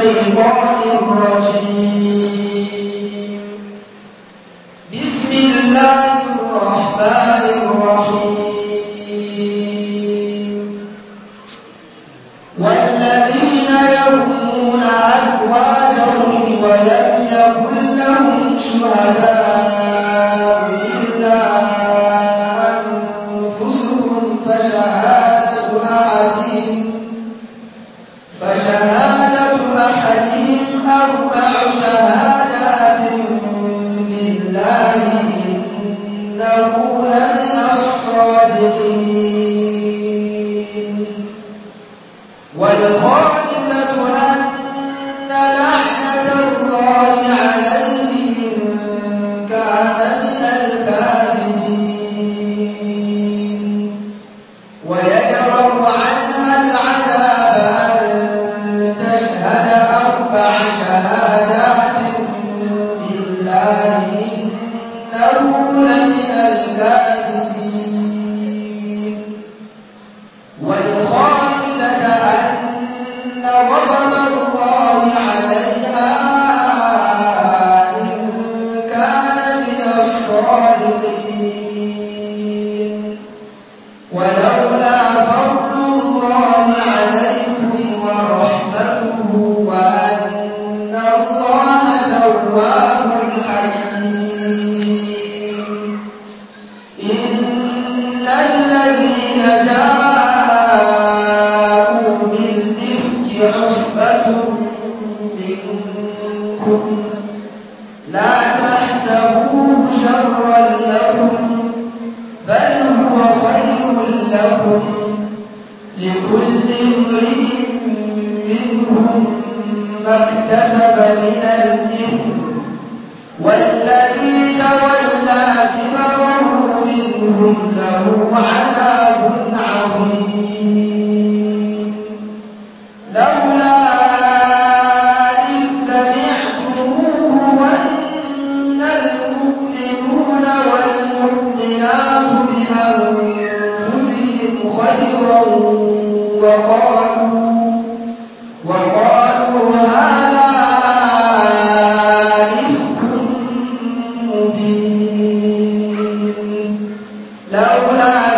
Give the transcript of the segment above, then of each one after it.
الشيطان الرجيم بسم الله الرحمن الرحيم والذين يرمون أزواجهم ولم يكن لهم شهداء لولا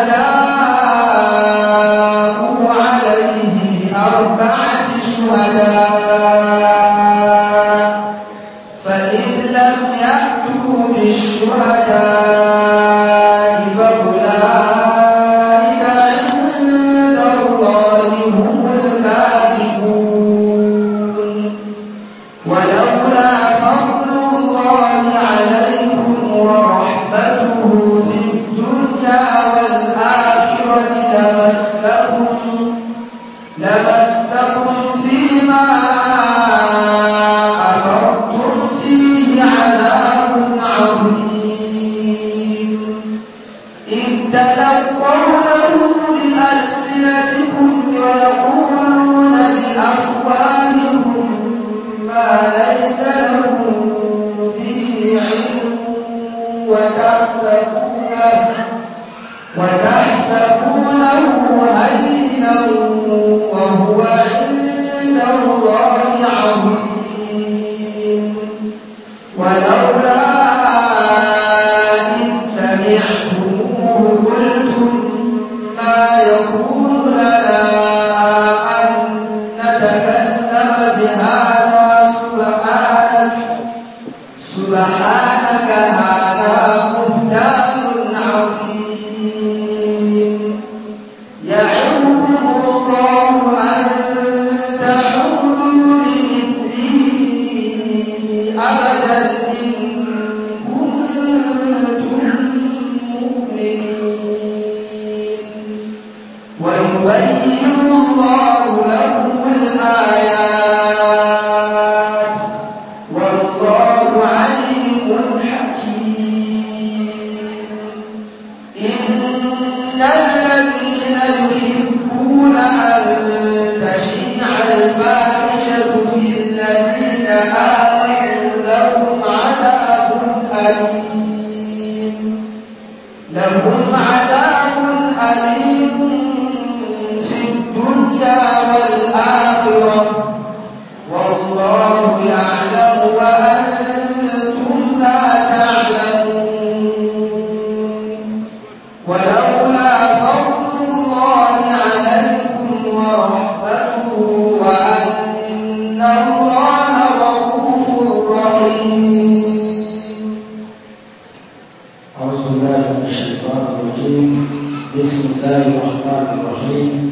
الله الرحمن الرحيم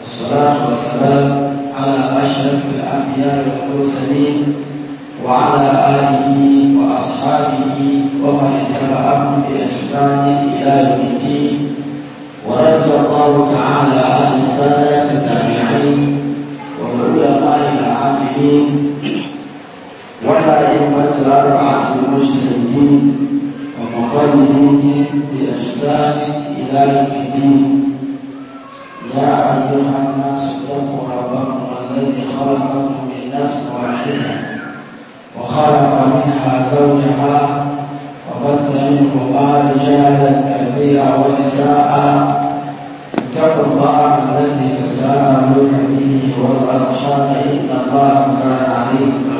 والصلاة والسلام على أشرف الأنبياء والمرسلين وعلى آله وأصحابه ومن اتبعهم بإحسان إلى يوم الدين ورضي الله تعالى عن السادة التابعين والعلماء العاملين والأئمة الأربعة الدين وقلبهم بأجساد إلى يوم الدين يا أيها الناس اتقوا ربكم الذي خلقكم من نفس واحدة وخلق منها زوجها وبث منهما رجالا كثيرا ونساء اتقوا الله الذي تساءلون به والأرحام إن الله كان عليكم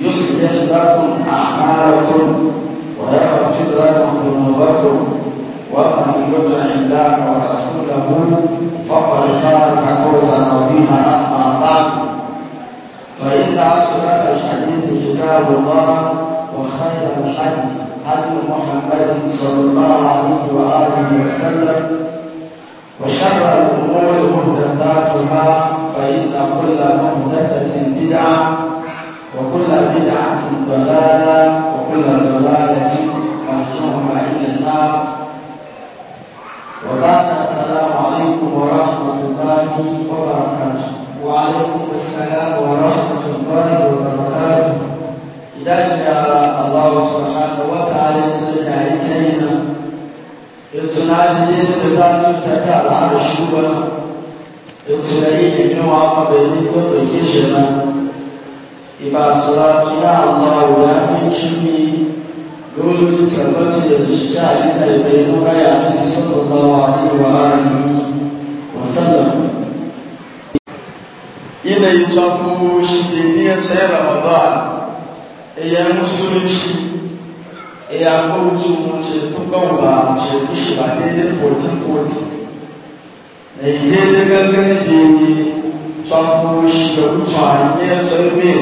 يصلح لكم أعمالكم ويغفر لكم ذنوبكم ومن يطع الله ورسوله فقد فاز فوزا عظيما أما بعد فإن أصدق الحديث كتاب الله وخير الحديث حديث محمد صلى الله عليه وآله وسلم وشر الأمور محدثاتها فإن كل محدثة بدعة وكل بدعة ضلالة وكل ضلالة مرجوها إلى النار وبعد السلام عليكم ورحمة الله وبركاته وعليكم السلام ورحمة الله وبركاته إذا جاء الله سبحانه وتعالى ترجع إلينا يتنادي بذات تتابع الشبهة يتنادي بنوع قبل كل كشفة إبا صلاتنا الله لا من شمي قولوا تتربت للشجاع تلبين غير صلى الله عليه وآله وسلم إذا يتقوا شدينية رمضان إيا مسلم شديد ẹ̀yà kóòtù ṣètúkọ̀wà ṣètúṣìbà déédé fòtífòtì nàìjíríà gẹ́gẹ́ bí sọ́kùnrin ṣìlọ́kùtù àyẹ́ sọ́gbìn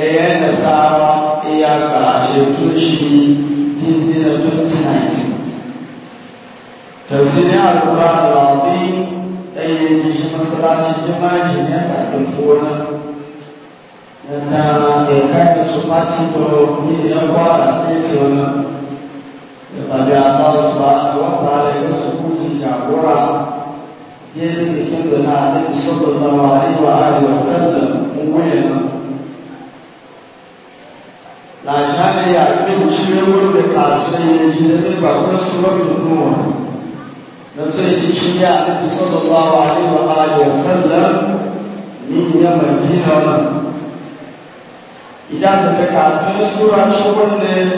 ɛyɛ nasaara ɛyɛ aba ahyɛntuohyini dindi na twenty nineteen tɛsiri aluba alaadi ɛyɛ nyihyɛ masalakyi gyima ahyɛnyɛ sadofoɔ na nata ɛka ɛso pati dɔrɔ ne ɛkɔ aseeti na ɛbabi aba so a ɛwɔta ɛyɛ sokuti gyagora yɛn ne kɛntɛ na ade sɔdɔ na wa ayi wa ayi wa sɛlɛm nwere na. na jane ya ɗin ciyarwar da kacinan ya ji da ba kuma su mafi nuwa na tsaye cikin ya ɗin sallallahu alaihi wa alihi wa sallam min ya madina ma idan da kacinan sura shi wannan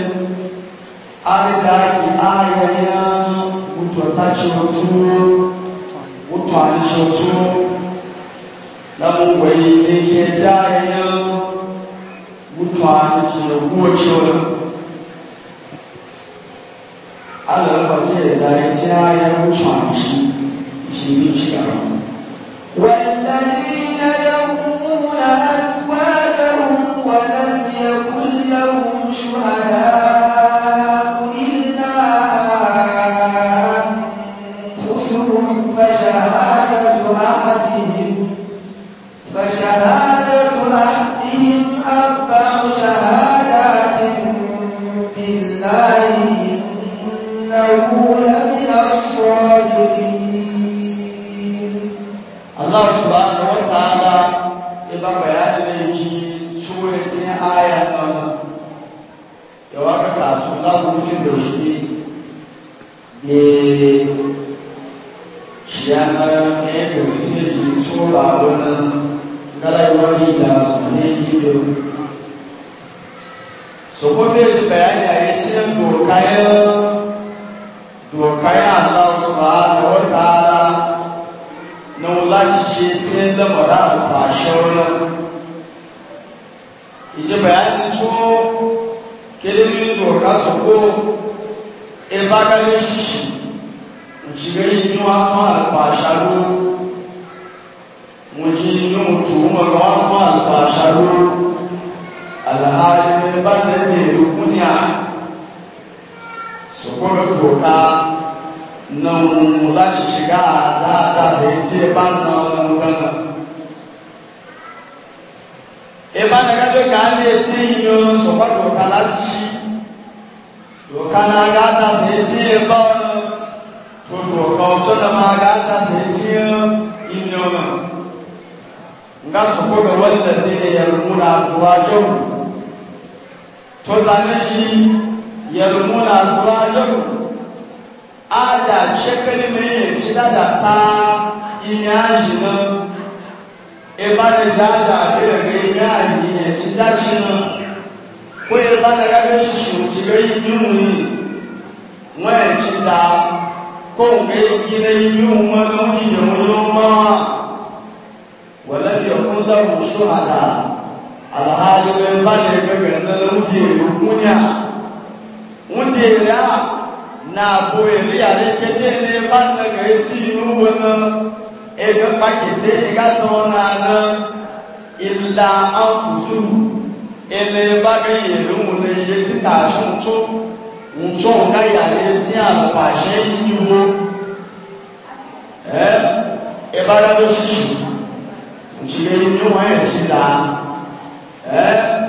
an da ki ayayen mutuwata ce wasu mutuwa ne shi wasu na mugwai ne ke jayayen ma ke goce wani Allah ba ke da ya ta ya wuce shi shi ne shi a والذين يرمون أزواجهم ولم يكن لهم شهداء bayan dokaya Allah subhanahu wa ta'ala na wulaci ce ta lamara ije bayanin su kilimin doka su ko ibagare shi shiga yin wasu alfasharu mujin yin tuhuma ga wasu alfasharu alhalin ba da ce rukuniya não ko ka nawula shiga dáadáa lè ti ba não na. eba na gabe ka a lè ti yinyo sukuu ko ka la si ko ka na gata lè ti ba ko ko so na ma gata lè ti não na. nga sukuu ko wani da ne yarmuna zuwa yau. to zanen shi yẹlùmúnà àzúwá yọ̀rù àdà ṣẹ́kẹ́lẹ́ mẹ́yìn ṣídàdà ta ìyẹn àjì náà ìbánidà àdà àbẹ̀rẹ̀ ìyẹn àjì yẹn ṣídàjì náà kó ìbánidà bẹ́ ṣùṣù jìrẹ́ inú yìí wọ́n ẹ̀ ṣídà kó nǹkan ìgbìlẹ̀ inú wọn ló ń yìnyín wọn ló ń bá wa wọ̀lẹ́ yọkún dáhùn ṣó àdà àlàhà ìbánidà bẹ́ẹ̀ bẹ́ẹ̀ náà ló ń di èrò kúnyà wudera na bo elia ɖe kete ne ba ne ke eti nuwo ne ege kpa kete ega tɔ na ne ila akutu ele ba ke yele ŋu ne ye ti ta ŋutsu ŋutsu ka ya ɖe ti alɔpa se yiwo ɛ eh? eba ɖe be sisi ŋutsu ye yiwo hã yɛ si la ɛ. Eh?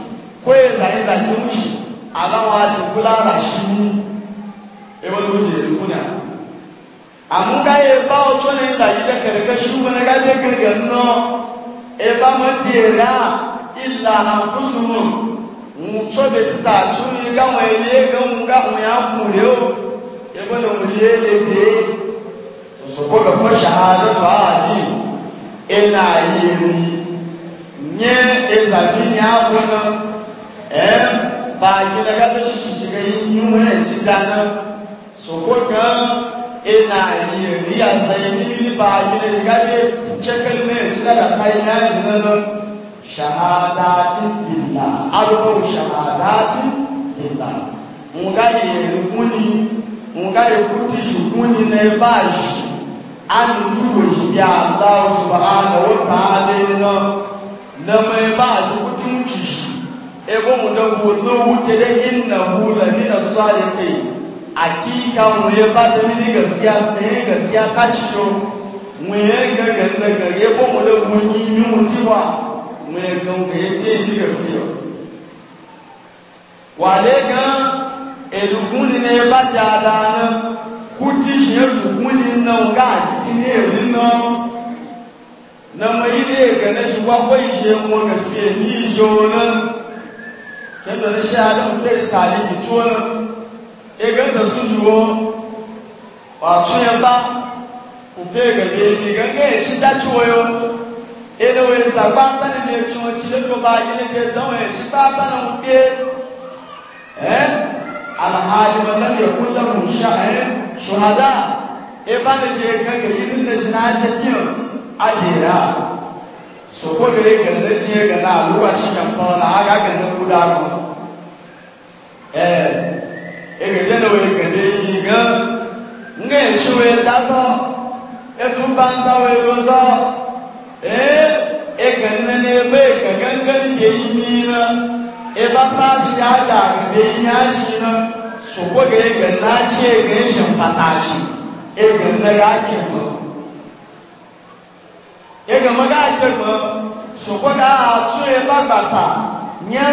ko ya zane da yi mushi alawa ta kula da shi mu e wani wuce da kuna amu ga ya ba o tso ne da yi da karka shi wani ga da karka nno e ba ma tiyera illa na kusumu mutso da ta tsu ni ga wani ne ga mu ga mu ya kure o e wani wuri ya ne ne su ko ga kuma shahadatu a ni ina yi ni nye ezabi ni abu na baagi na gata shiga yin yunwa ci dana so ko kan ina yi riya sai ni baagi na gaje cekal ne ci dana kai na dana shahadati billah alko shahadati billah mun ga yi muni mun ga yi kuti shuguni na bashi an tuwo shi ya Allah subhanahu wa ta'ala na mai bashi kutunci shi ebo mu da wudu da inna hu la min as-salihin akika mu ye ba da ni gaskiya ne gaskiya ka ci yo mu ye ga ga da ga ebo mu da wuni ni mu ci ba mu ye ga mu ye je ni gaskiya wale ga edukun ni ne ba da da na ku ti shi su kun ni na ga ji ne ni na na mai ne ga na shi wa kwai je mu fiye ni jo na kendo ne shi adam le tali bi tuona soko gele gele tiɲɛ aluwa tiɲɛ kɔnɔ na aga gele kuda kɔ ɛɛ egede na oye gele yi gã nga etu banta oye dozɔ ɛɛ na nene ebe ege gangan de yi na eba paasi ada de yi na soko gele na tsi ege etsi pata tsi ege nene ga ega maga ajegbe sokwaga atụ ebe agbata nye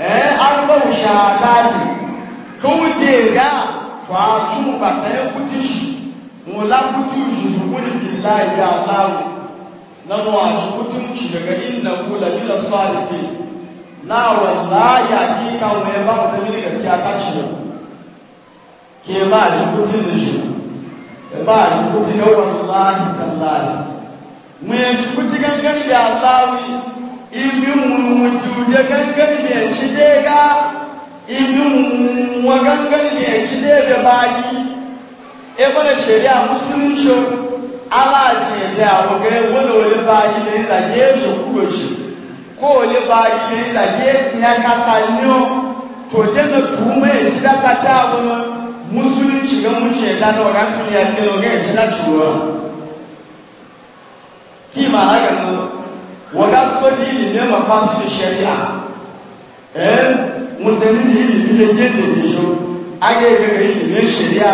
ee arụgbọ wụsha adaji kowuti ga tụ atụ gbata ekwuti shi nwụla kwuti uzuzu kwuni bila ya alawu na mwasu kwuti mchi daga inna kula bila salifi na wallahi hakika wani ba mu da milika siyasa shi ke ba da kwuti da shi ba da kwuti da wallahi tallahi mwenji kuti gangani bya allawi ibi mujuje gangani bya ekidega ibi mwa gangani bya ekidega bayi ebona sheria musulunso alaji bya oge wona ole bayi ne la yezo kuroji ko ole bayi ne la yezi yakatanyo to tena tume ekidaka kyabo musulunso gamukyenda n'ogatunyankira oga ekida kiwa ima haka nan waga su ba dili ne ma fasu shari'a eh mun da ni dili ne ke ne ne shi age ga ga ne shari'a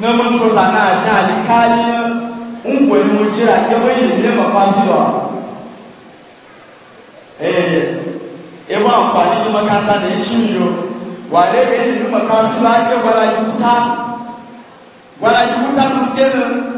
na mun to sana a ji alikali un gwani mun jira ya bai ne ma fasu ba eh ewa amfani da makanta da ya ciyo wale ga yi makanta su ba ke gwala yi wuta gwala yi wuta mun kenan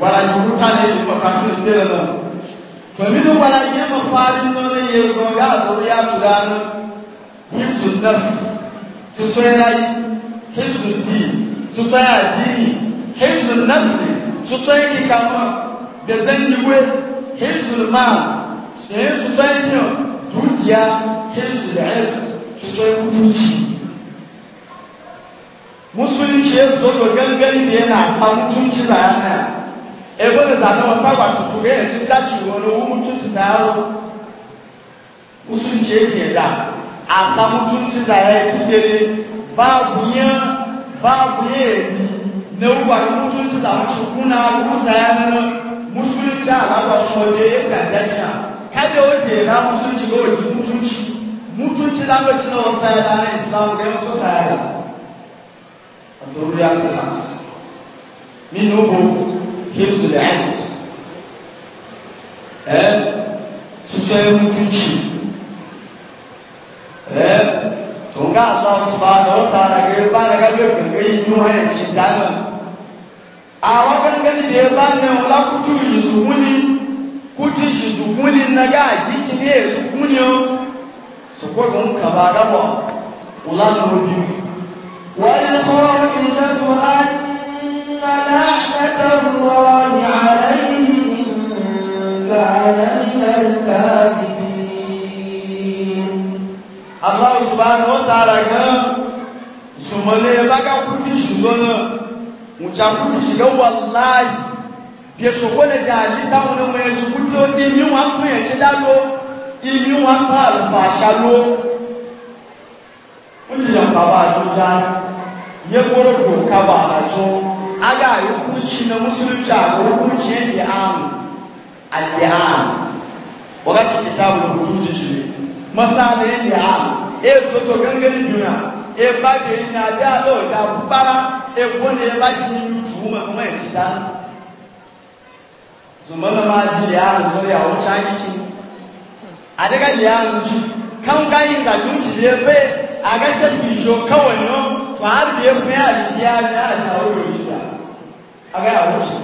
wanajivuta nini kwa kasiri mbele na famili wananyema fali none yego ya zuri ya tulano hifzu nafs tutoyai hifzu di tutoya dini hifzu nafs tutoya kikama dedenjiwe hifzu mal tutoya nyo dukia hifzu ilm tutoya kufuji musulunci ya zo ga gangani da yana samun tunci bayan nan ebone za na wata kwa kutuge yanzu daci wani mutunci za yaro musulunci yake da a sa mutunci za ya ci dare babu ya babu ya yi na uwa da mutunci za mu kuna musa ya nuna musulunci a raba shode ya kandanya kada wace na musulunci ga wani mutunci mutunci za mu ci na wasa ya na islam da ya mutu sa ya da nínú bo hilton hand ẹ ṣiṣẹ́ ojújì ẹ tòǹgà àtàwọn ọ̀tá àgbẹ̀ bá nàgàgbẹ̀ gbẹ̀gbẹ̀ inú ẹ̀ ṣì dáná àwọn akẹ́kẹ́ni lè bá nẹ̀wò lákútù ìṣùgbọ́nì kútù ìṣùgbọ́nì nàgà àdìjì ní èlú kúnyọ́ sọ̀kọ́gbọ̀n ń kàbà àdábọ̀ ńlá lórí wọ́n ń kọ́ ìṣẹ́jú áyé. لعنة الله عليه إن كان الله سبحانه وتعالى zumale baka kuti zuzona muchakuti zviga wallahi byesokole jali taune mwezi kuti imi wafu yechidalo imi wafu alufashalo kuti yambava azojana yekorogoka vahazo aga hukunci na musulunci a hukunci yadda amu al-li'am wakati kitabu hudud shi masala yadda amu e to to gangan juna e ba da yi na da lo da bara e wanda ya ba shi tuma kuma ya ci dan zumana ma ji li'am so ya wuce yake a daga li'am ji kan gayin da dunki ne bai a ga ta fijo kawai no to har da ya fi ya liya na tawo shi da aga ya wuce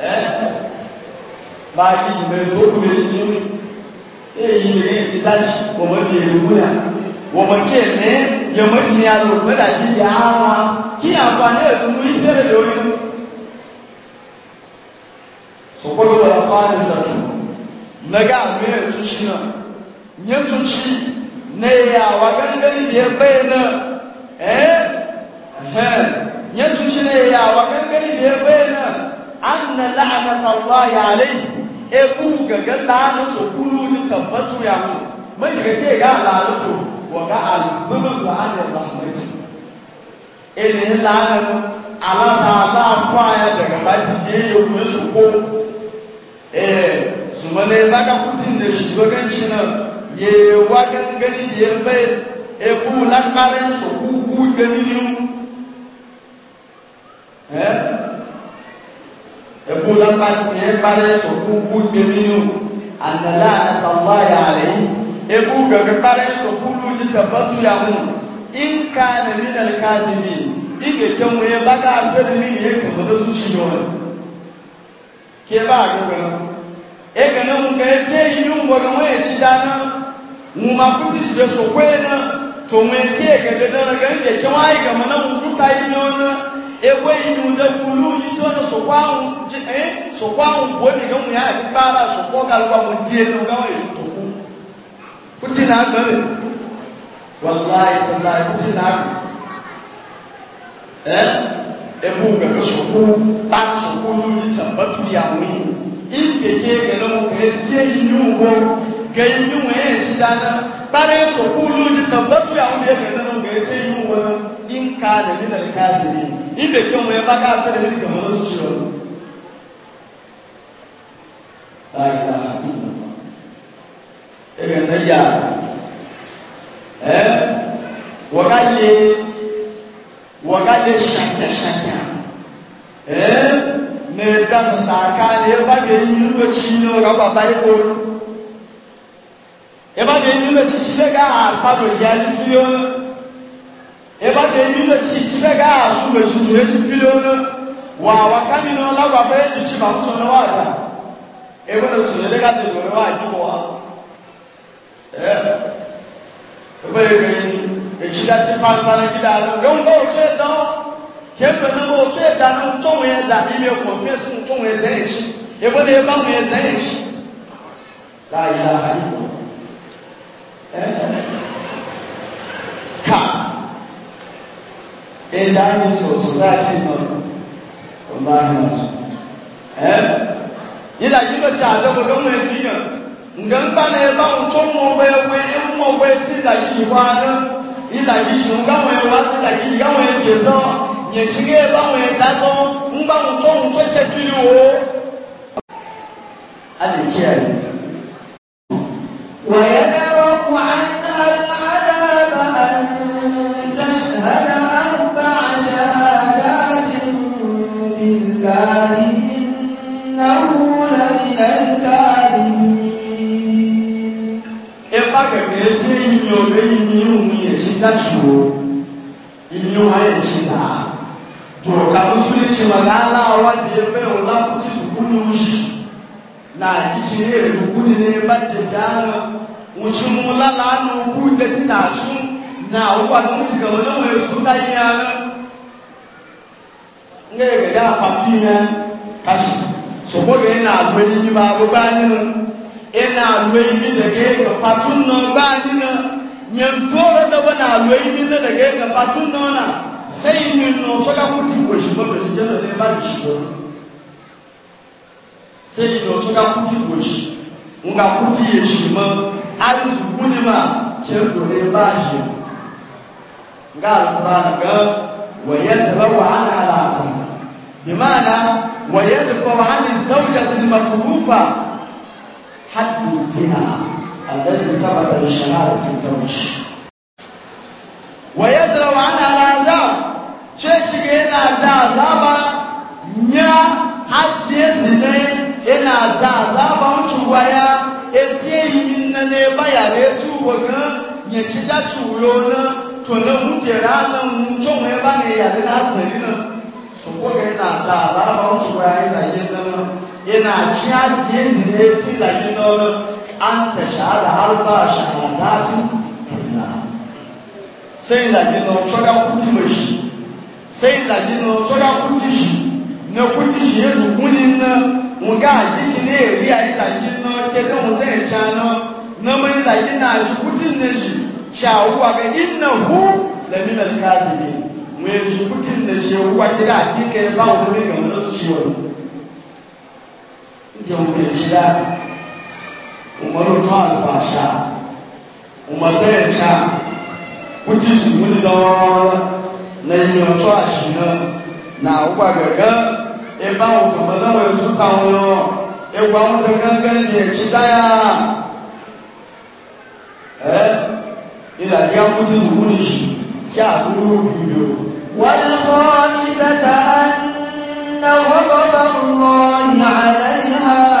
eh ba ki me do ku me ji e yi ne ti ta ci ko ma ti ru ya wo ma ke ne ya ma ti ya lo ba da ji ya wa ki ya ba ne du mu yi do ni so ko do la fa ni sa su na ga me su shi na nyen su shi ne ya wa gangan da ya bayyana eh yanzu shi ne ya wa gangare da ya bayyana an na la'anata Allah ya alai e ku ga ga la'ana su kulu ni tabbatu ya mu mai ga ke ga la'anatu wa ga al-bughd wa an rahmat e ne la'ana ala ta ta kwaya daga baji je ya mu su ko eh su mane zaka kutin da shi ga shi na ye wa gangare da ya bayyana e ku lan su ku ku gani ne ẹ̀bùn lápá tiẹ̀ parẹ́ sọ̀kún kú gbẹ̀mínú àdàlà àtàwọ̀ àyà rẹ̀ yìí ẹ̀bùn gẹ̀gẹ̀ parẹ́ sọ̀kún ló ti tẹ̀bọ́ tó yà wù in ka nà ní nà ká di mi ike kẹ́mu yẹ bá ká gbẹ̀rẹ̀ ní yẹ kẹ̀mọ́ tó tún ṣì yọ rẹ̀ kí ẹ bá a gbẹ̀gbẹ̀ náà ẹ kẹ́nà mú kẹ́ ẹ tiẹ̀ yìí ń bọ̀ náà wọ́n yẹ ti dáná mú ma kú ti ti dẹ̀ sọ̀kún yẹ náà tòun yẹ kí ẹ kẹ́kẹ́ náà kẹ́ ewe inu ne kulu tí wọn sọkọ àwọn ẹ sọkọ àwọn bò ní ìyẹn wọn yà àti bára sọkọ kálukọ àwọn díẹ̀ ní wọn yẹ tó kú kó tí nà gbẹ mi wàláyé tẹlá kó tí nà gbẹ ẹ ebu gbẹgbẹ sọkọ bá sọkọ lórí tàbátú yàwó yìí ìgbèké gbẹlẹ wọn kò yẹ tiẹ yìí ní wọn gẹ wọn yẹ ti dáná bá dẹ lórí tàbátú yàwó yẹ gbẹlẹ in ka da nina da kafiri in da kyau mai baka a tsere ne kamar wasu shi wani la ilaha illallah irin na yara eh wakalle wakalle shakka shakka eh ne dan tsaka ne ba ga yin lokaci ne ga ba ba ko e ba ga yin lokaci ne ga a sabo ya ji eba de yi lo tsi tsi bɛ ka su le tsi su etsi bilion ne wa waka mi na la wa be etsi ba ŋutɔ ne wa da ebe le su le de ka te do ne wa yi wa ɛ ebe etsi la tsi pasa ne ti da ne ne ŋutɔ o tse dɔn ke pe ne o tse da ne ŋutɔ ŋun yɛ da ne mi kɔn fi su ŋutɔ ŋun yɛ da etsi ebe ne eba ŋun yɛ da etsi la yi la ha yi ko eh. ka. in Chinese society no wallahi na su eh yana yi ka ci a da ku don mai ọgbọ ọgbọ 有的一米五也是在数，一米五也是打。就咱们说的什么那那我别被我那不是不努力，那以前也不努力把这家了，我去我那那努不的是哪数？那我把东西给我那我数在一样了，我给人家发去呢，开始，什么人拿回去吧，不管你了，人拿回去的给个发出呢，管你了。nyankoro da wani alwai min na daga yin gaba tun nona na min no saka kuti ko shi ba da shi da ne ba shi ko sai no saka kuti ko shi nga kuti ye shi ma an su kuni ma ke do ne ba shi ga alquran ga wa yadrawu an ala bi ma'ana wa yadfa an zawjati al-makrufa hadd zina الذي ثبت بشهادة الزوج ويدرأ عنها العذاب شيء هنا عذاب نيا حتى زنين هنا عذاب وشوايا etiye yin na ne baya ne tuwo na ya ci da tuwo na na mutera na ya ba ne ya na tsari na su ko ga yana da azaba wucewa ya zage na yana ci hajji ne ya ci zage na an ta shahada har ba shahadatu kalla sai da gino shoda kuti mai shi sai da gino shoda kuti shi na kuti shi ya zukuni na uh, muga gini ne ya riya yi da gino ke da mutum ya cana na mai da gina shi kutin na shi shawuwa ga inna hu da minal kazi ne mai shi kutin na shi ruwa gida a kika ya ba wani ga wani su ciwon umaru tó àlùfàṣà umaru ẹ̀ṣà kútì tùmùlì lọ́wọ́ lẹ́yìn ọjọ́ àṣìná na àwùgbà gẹ̀gẹ́ ẹbá òkùnkùn náà wọ́n tún táwọn lọ ẹgbà wọn tó gángan ní ẹ̀ṣí dáyà ẹ ìlàjì akútì tùmùlì yìí kí àbúrò bìbò. wọ́n kọ́ ní sẹ́ta náà wọ́n bọ́ bá ń lọ ní àlẹ́ yìí.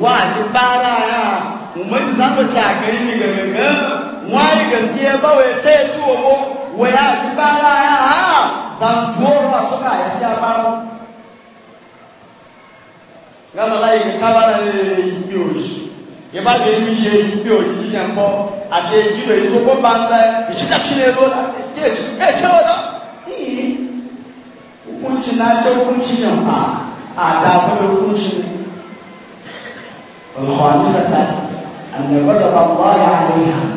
wa ji bara ya mun za mu ta gari ni ga ga wai gaskiya ba wai ta ci wo wa ya ji bara ya ha zan tora ko ka ya ta ba ga malai ka kabara ne yoshi yẹ bá lè mi ṣe ibi òjijì yẹn kọ àti ìdílé tó kó bá ń lẹ ìṣídàkílẹ ló la èyí èyí èyí ó lọ. hukunci na ce hukunci yamma a dafa da hukunci الخامسة أن غضب الله عليها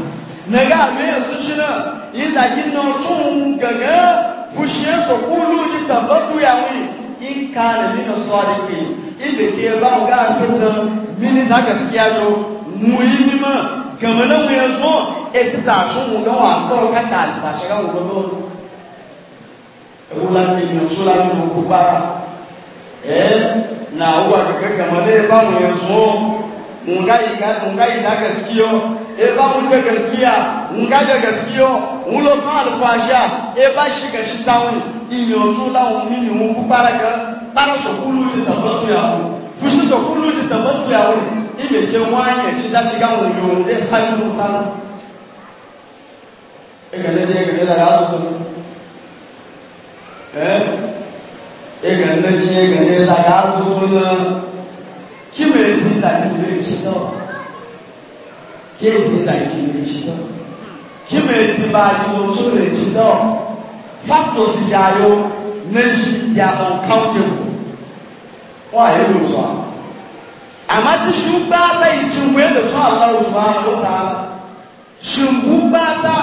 نجا مين تشنا إذا جينا تشون كذا فشيا سقولوا جتبتوا يا وي إن كان من الصالحين إذا كيبا وقاعدنا من ذاك السياجو مهمة كمان لو يزو إتتاشو مقاوة أصدروا كتال تاشا مقاوة Ewu lati ni osu lati mo gbogbo ara. Ẹ na owó àgbẹ̀kẹ̀ kẹ̀mọ́lé báwọn yẹn sún ngai ga ngai da gaskiyo e ba mu da gaskiya ngai da gaskiyo mu lo ka alfasha e ba shi ga shi dawo imi o tu dawo mi ni mu ku para ga para so kulu ni da ba ya fu shi so kulu ni da ba ya wo ime je wanye chi da chi ga mu yo de sa ni mu sa e ga le de ga le da so eh e ga le je e ga le da so so na que precisa investir que precisa investir que precisa investir investir factors yayo nation they are uncountable wọn àyè ló sọ àmà tí ṣùgbọ́n abẹ́ ìtìwé lè fún àwọn òṣùwọ̀n àlọ́ta ṣùgbọ́n bá dá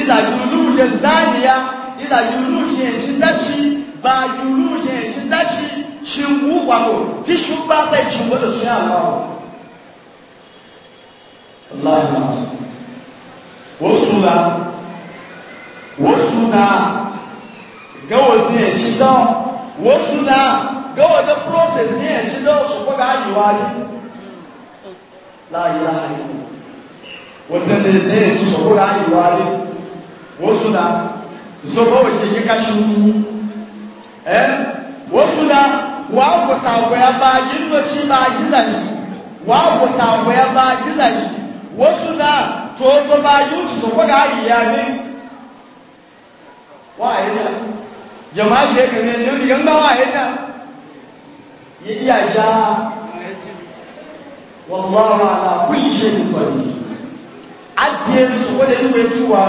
ìdàgbùlù ṣe záàyè ya ìdàgbùlù ṣe ìṣindáṣi gbàgbùlù ṣe ìṣindáṣi shingu wato ti shugba bai shingu da su ya Allah Allah ya wasu na wasu na gawa ne shi don wasu na gawa da process ne shi don su kwaga hanyar ne la ilaha illallah wanda ne ne su kwaga hanyar ne wasu na zobo wajen yi kashi eh wasu na wa ku ta waya ba jinno ci ba gizashi wa ku ta waya ba gizashi wasu da toto ba yi su ko ga iya ne wa ya ja jama'a shi ke ne yau digan já wa ya ja ya iya ja wallahu ala kulli shay'in qadir adiye su ko da ni wetuwa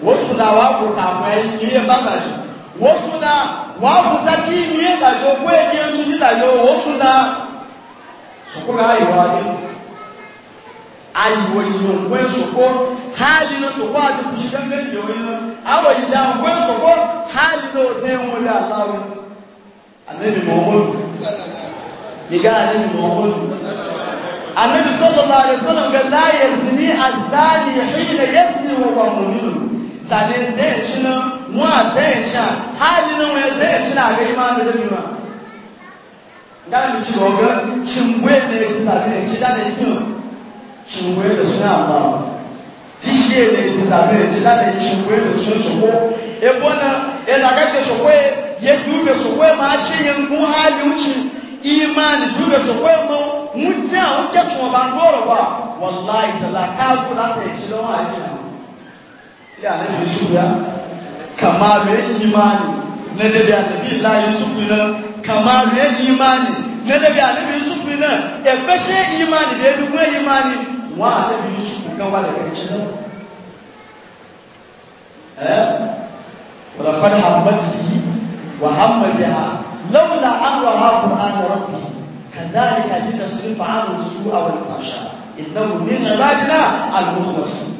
wasu da wa ku ta waya ni ya ba shi wasu da wàá kúta tí ní ìdájọ owó èdè ẹtù nídàjọ owó súnà sọkó ká ayọ̀ adé ayọ̀ ìlò ńgbé sọkó hali ní sọkó àti kùsìdẹ́ méjì òyìn awọ ìdá ńgbé sọkó hali ní òdè ńwó lé aláwọ anabi muhammadu nìgá anabi muhammadu anabi sọlọlọ alẹsọlọ nga láyé zini azali yìí na yẹsìn wọn wà mọ nínú sani ndé ẹkyí náà mu a bɛn hyɛ a hali ne ŋun bɛn hyɛ na aga ima ne bɛ nua nga mi kyi wɔ ga kyimboe na eti sa bɛn kyi da na eti o kyimboe na so na ama ti hyɛ na eti sa bɛn kyi da na eti kyimboe na so so ko ebo na ɛdaka kye so ko yɛ yɛ du bɛ so ko yɛ ma ahyɛ yɛ nko hali nkyi ima ne du bɛ so ko yɛ mo ŋutí a ń jẹ́ tún ọba ńlọrọ̀ wa wàláì tẹ̀lá káàkó láti ẹ̀jẹ̀ lọ́wọ́ àìsàn ilé àlejò kamalu ya imani na dabi annabi la yusufu na kamalu ya imani na dabi annabi yusufu na efeshe imani da yadda kuma imani wa annabi yusufu kan wala kai shi eh wala qad hammat bihi wa hamma biha laula an ra'a qur'an rabbi kadhalika litasrifa anhu su'a wal fahsha innahu min ibadina al-mukhlasin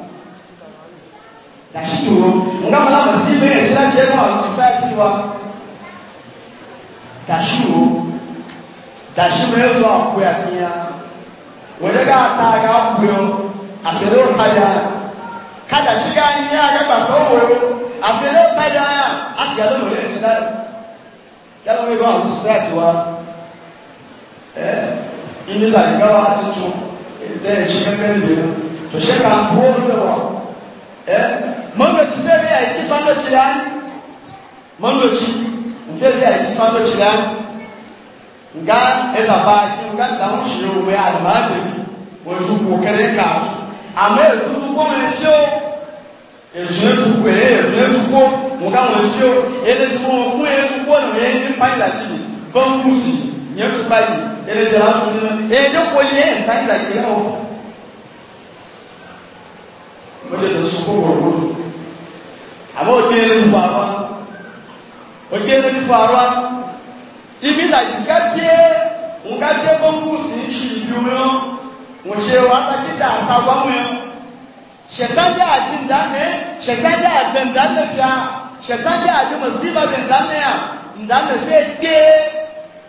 dashiwo ngamala masibe etira chema society wa dashiwo dashiwo ezo akwe akia wedega ataga akwe abere otaja kada shiga ni aga baba owo abere otaja ati alo mo le tira yalo mi go society wa eh ini la gawa atu ede shembe ni to sheka bo ni wa mọ́nà tí bẹ́ẹ̀ bẹ́ẹ̀ àìsí sọ́nà tí yá mọ́nà tí bẹ́ẹ̀ bẹ́ẹ̀ àìsí sọ́nà tí yá nga ẹ̀sà bá a ti nga ìdáhùn ṣe òwe àdìmáàdì wọ́n ju kò kéré kà á àmọ́ ètò tó kọ́ wọn ṣe ó èso ètùkọ́ ẹ̀ èso ètùkọ́ wọn ká wọn ṣe ó èdè tí wọn kún ètùkọ́ ẹ̀ ẹ̀ ní pàìlà sí i bọ́ńkù sí i yẹn tó báyìí èdè tí wọn á tún wajen da su kuma gurgudu amma wajen yin faruwa wajen yin faruwa ibi na shiga biye nga biye bangu si shi biyu yau mo ṣe wa takita àtàwọn mu yau ṣẹtajà àti ndàmẹ ṣẹtajà àti ndàmẹ fìá ṣẹtajà àti mọsíbà àti ndàmẹ à ndàmẹ fẹ gbé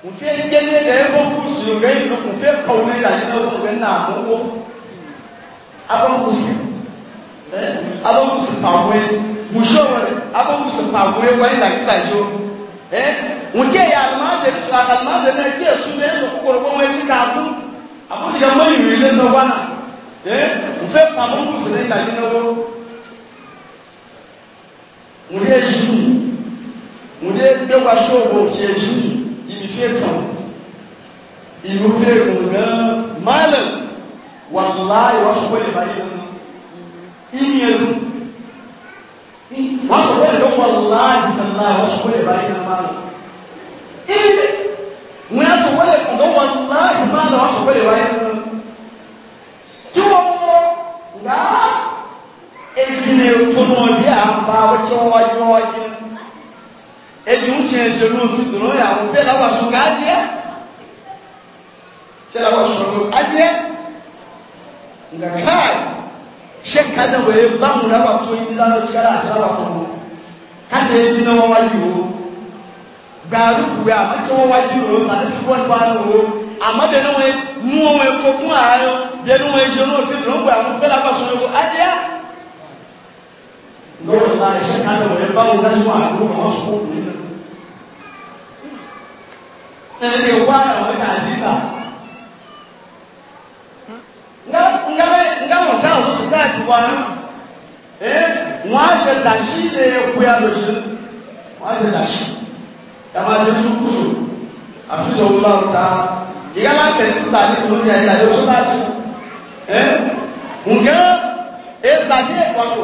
nfe gbẹlẹ lẹyìn bangu si o lẹyìn nfe kọwé lẹyìn náà o lẹyìn náà àmúwò abọ́ngu si. Eh? abogusi pawe mushowore abogusi pawe wani dakita jo eh? nke ya almaze almaze na ke su ne su kokoro ko wani cika su abu da mai rile na wana nfe abogusi ne da ni nawo mure ju mure gbe wa showo ke ju ibi fe kan ibi fe kan malam wallahi wasu kwale ba yi nan ìyẹnu wọ́n sọ wọ́n lè wọ́n láàyè tẹ̀lá wọ́n sọ wọ́n lè báyìí náà máa ilé wọ́n sọ wọ́n lè kọ̀dọ̀ wọ́n láàyè máa náà wọ́n sọ wọ́n lè báyìí náà tí wọ́n mọ̀ nga ebile tunu bi a ba wọ́n wáyé wáyé ebi ń tiẹ̀ ṣe ló ti dùn lóyè àwọn bẹ́ẹ̀ lọ́wọ́ sọ ká adìẹ tẹ́lẹ̀ wọ́n sọ ló adìẹ nga káàdì shan kada waye ba mu raba to yi lalo shara shara ko kasa yi na wawa yiwo ga rufu ya maka wawa yiwo ta da shi wani bana wo amma da nan waye mu waye ko kuma a yau da nan waye shi no fi ron ba mu kala ba su ko adiya no ba ba mu raba ma ko ma su ko ne ne wa na wani nga mọ̀tá àwọn sọ́sáàtì wa wọ́n á ṣe dàṣí ilé ẹ̀kú ya lóṣù wọ́n á ṣe dàṣí yàrá ṣe a àfihàn wọn náà ta ìyára tẹ̀lé tó tàbí tó ní àyè àyè sọ́sáàtì nga ẹ̀sà ní ẹ̀kọ́tò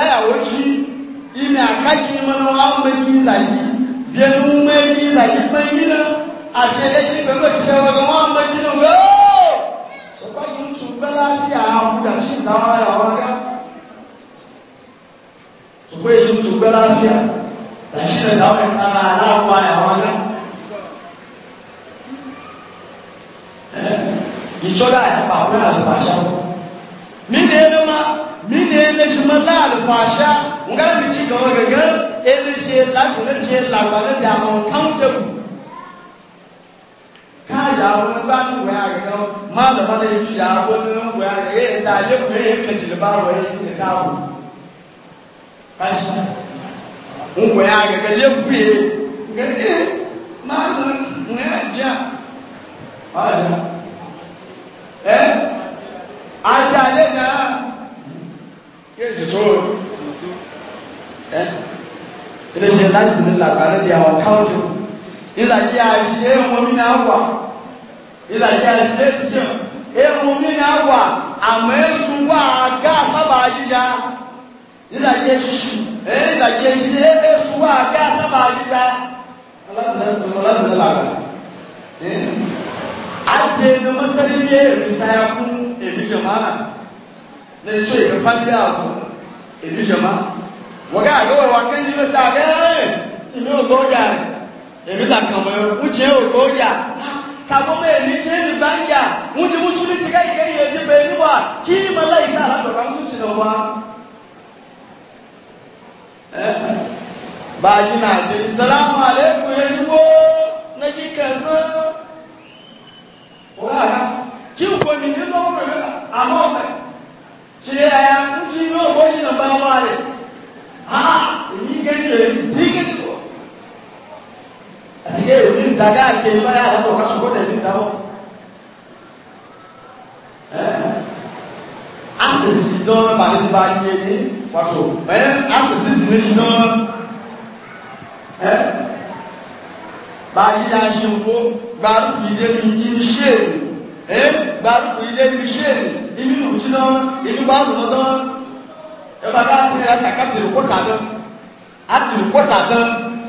a yàwó jí ìmì àkájì mọ́nà wọn á mẹ́kí ìlàyé bí ẹnu mẹ́kí ìlàyé mẹ́kí náà àti ẹ̀yẹ́ kí pẹ̀lú ìṣẹ́ wọn wọn á mẹ́kí náà wọ́ọ́ sọ́kọ́ yìí bala ti a kuda shi da wa ya wa ga to ko yin tu bala ti a da mi ne na ma mi ne na shi ma na al fasha ngara mi ci ga wa ga ga ele she la ka jawo ni ba ni waya ga ma da ba ne jawo ni waya ga eh da je ku eh ka ji ba waya ni ka ku kashi un waya ga ga le ku eh ga eh ma ni ne ja ada eh ada le na ke ji so eh ina je lati ni labarin da ya wa counting ìlàjì àṣìṣe ẹ̀wọ̀n náà wà ìlàjì àṣìṣe ìjọ ẹ̀wọ̀n náà wà àmọ́ ẹ̀sùn wà àgá sábà yíya ìlàjì ẹ̀ṣìṣì ìlàjì ẹ̀ṣìṣe ẹ̀sùn wà àgá sábà yíya ọlọ́sẹ̀ lára àti ẹ̀dọ́mọ́tẹ́lẹ́ ní ẹ̀rùsáyà fún èdèjọba náà lẹ́tọ́ ìfẹ́fẹ́ àṣọ èdèjọba wọ́n ká àgọ́wọ̀ wà kéjì lọ́sẹ̀ àgẹ́rẹ́ ìlú ọgbọ́n yàrá èmi là kàn mọ́ ẹ̀rọ ńjẹ́ òkò yà kàbọ́ bẹ́ẹ̀ ní jẹ́ ní báyà ń ti wúṣú ní tìka ìkẹ́ yẹn ti bẹ́ẹ̀ níwà kí ìmọ̀lá ìta àlàbọ̀ká ń tún ti lọ wá. báyìí náà dé sàlámù àlékún yẹn ti wó kẹsàn-án. wọ́n rà kí n kò ní ní lọ́wọ́ rẹ̀ àmọ́ ọ̀fẹ́ ṣe ẹ̀yà ń kí ní òwò yìí nà bá wà rẹ̀. èyí kẹ́kẹ́ yìí kẹ́kẹ́ àṣìkè òní ìdáká àti ìbáyà àlọ́ ọ̀ká ṣùgbọ́n ẹ̀mí ìdáwọ́. asèsì dán balẹ̀ bá yé ní wàtò ẹ asèsì ti ní dán ẹ bá yí aṣọ owó gbárùkù ilé ní ṣe ẹ gbárùkù ilé ní ṣe inú ìlú tí dán inú bá lọ dán ẹ bá bá ti rẹ kàkà tìrì a dán àtìrì kọta dán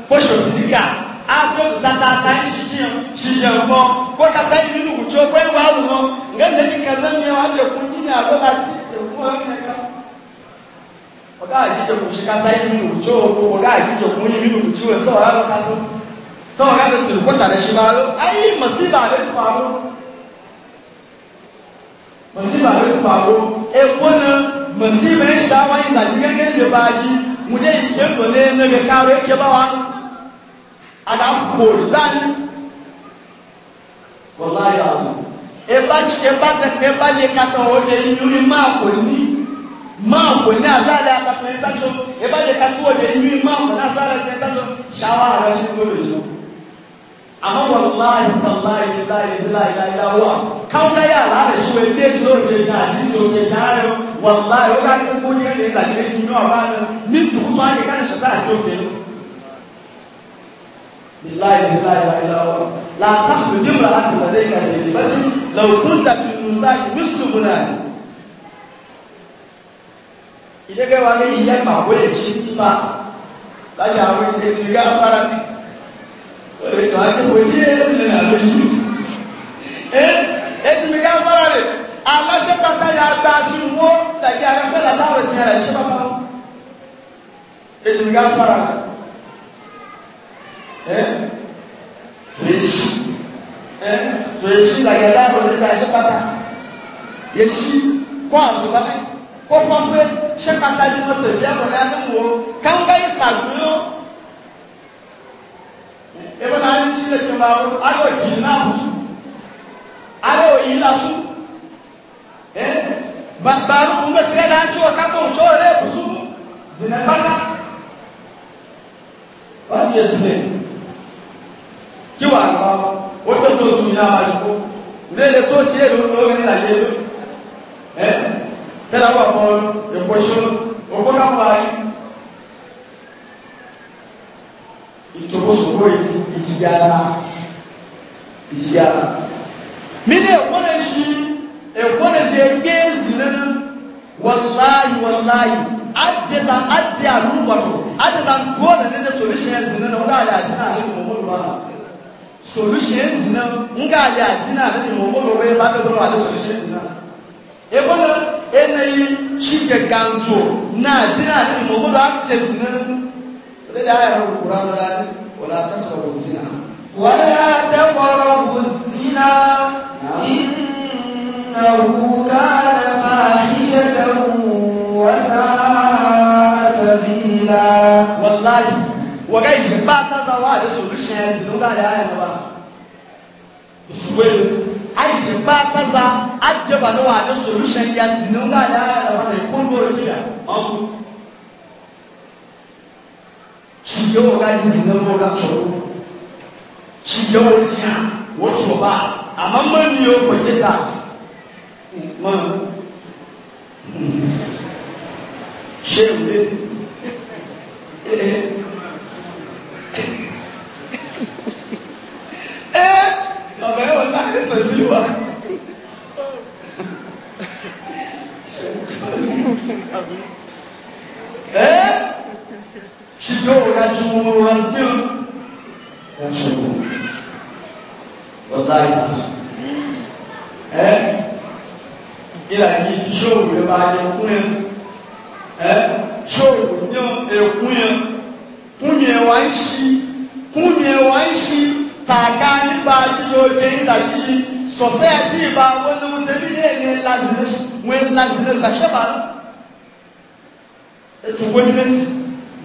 pọṣọ tìrì kà aso dada ta yi shishiyar shishiyar mɔ ko ka ta yi ninu wuce ko yi wa mɔ nga ne ni kaza mi wa de kun ni a ko ka ti de ko yi ne ka o ka yi de kun shi ka ta yi ninu wuce o o ka yi de kun yi ninu wuce o sɔrɔ yɔrɔ ka so sɔrɔ ka so tiri ko ta de shi ba lo ayi masi ba de fa lo masi ba de fa lo e ko na masi bɛ e sa wa yi na yi gɛgɛ de ba yi mu de yi ke to ne ne bɛ kaaro e ke ba wa aga kolan wallahi azum eba ci eba da eba le kata o le yuri ma ko ni ma ko ni azala ka pe ta so eba le kata o le yuri ma ko na azala ka ta so shawara shi ko le so amma wallahi tallahi billahi la ilaha illa huwa kauna ya la da shi wai dai o je na ni so je na wallahi o ka ko ni da ni shi no ba ni tu ma ni kan shi ta to ke billahi billahi la ilaha la tahdu dimra anta ladayka bi bati law kunta fi nusaki mislu bunani ìdẹ́gẹ́ wa ní ìyá ìmàwó lè ṣí nípa láti àwọn ìgbẹ̀gbẹ̀ agbára ní ètò àjẹ́wò ní ẹ̀rẹ́lẹ̀ àlóṣù ẹ̀ẹ́dìgbẹ̀ agbára rẹ̀ aláṣẹ́ pátá ya gba sí wó tàbí arábẹ́lá láwọ̀ tí a rẹ̀ ṣe pápá ẹ̀dìgbẹ̀ agbára rẹ̀ yeshi to yeshi la yẹ láàbọ̀ ní ká ẹṣẹ́ pátá yeshi kó àtúbá kó pọ́npé ṣé pátá ní wọ́n tẹ̀lé àbọ̀dá ní wo káńgá ìsàlùyó ebe na anyị chi leke ma ahụ agụ ji na ahụsụ agụ oyi na asụ baru kuma cire da hanci wa kafa wuce wa rai fusu zinabata wani ya kiwa ba wanda to su ya ba ko ne le to ci le no ga ni la ye eh tela wa ko e ko shu o ko na ba yi ito ko su ko yi ti ya la ti ya la ni ne ko ne shi e ko ne je gezi ne wallahi wallahi ajeza ajja lumbato ajeza ko ne ne solutions na nga ali atina ne mo mo mo ba ba do ala solutions na e ko na e na yi shi ke ganzo na atina ne mo mo do access na ne da ya ru qur'an la wala taqrabu zina wala taqrabu zina innahu kana fahishatan wa sa'a sabila wallahi wọ́n yìí ṣe bá tásá wà ní solution ẹ̀ ṣì ló bá dé ayé wa ìṣúwé ló ayé ṣe bá tásá àjẹbà ló wà ní solution ẹ̀ ṣì ló bá dé ayé wa ṣe kó ló rí rẹ̀ ọ̀hún. ṣìyẹ́ wọ́n ká yìí ẹ bàbá ẹ wọn náà ẹsẹ mi wá. ẹ ṣùgbọ́n wọn náà ju wọn wọn bí o. ẹ ṣùgbọ́n wọn náà yà ẹ ìlànà ìṣòro rẹ bá yẹ kún yẹn ẹ ṣòro yẹn èkún yẹn. kunye wanshi kunye wanshi tsakanin ba jijojen da ji society ba wani mutane ne ne lazinus da shi ba ètò wẹ́nẹ́tì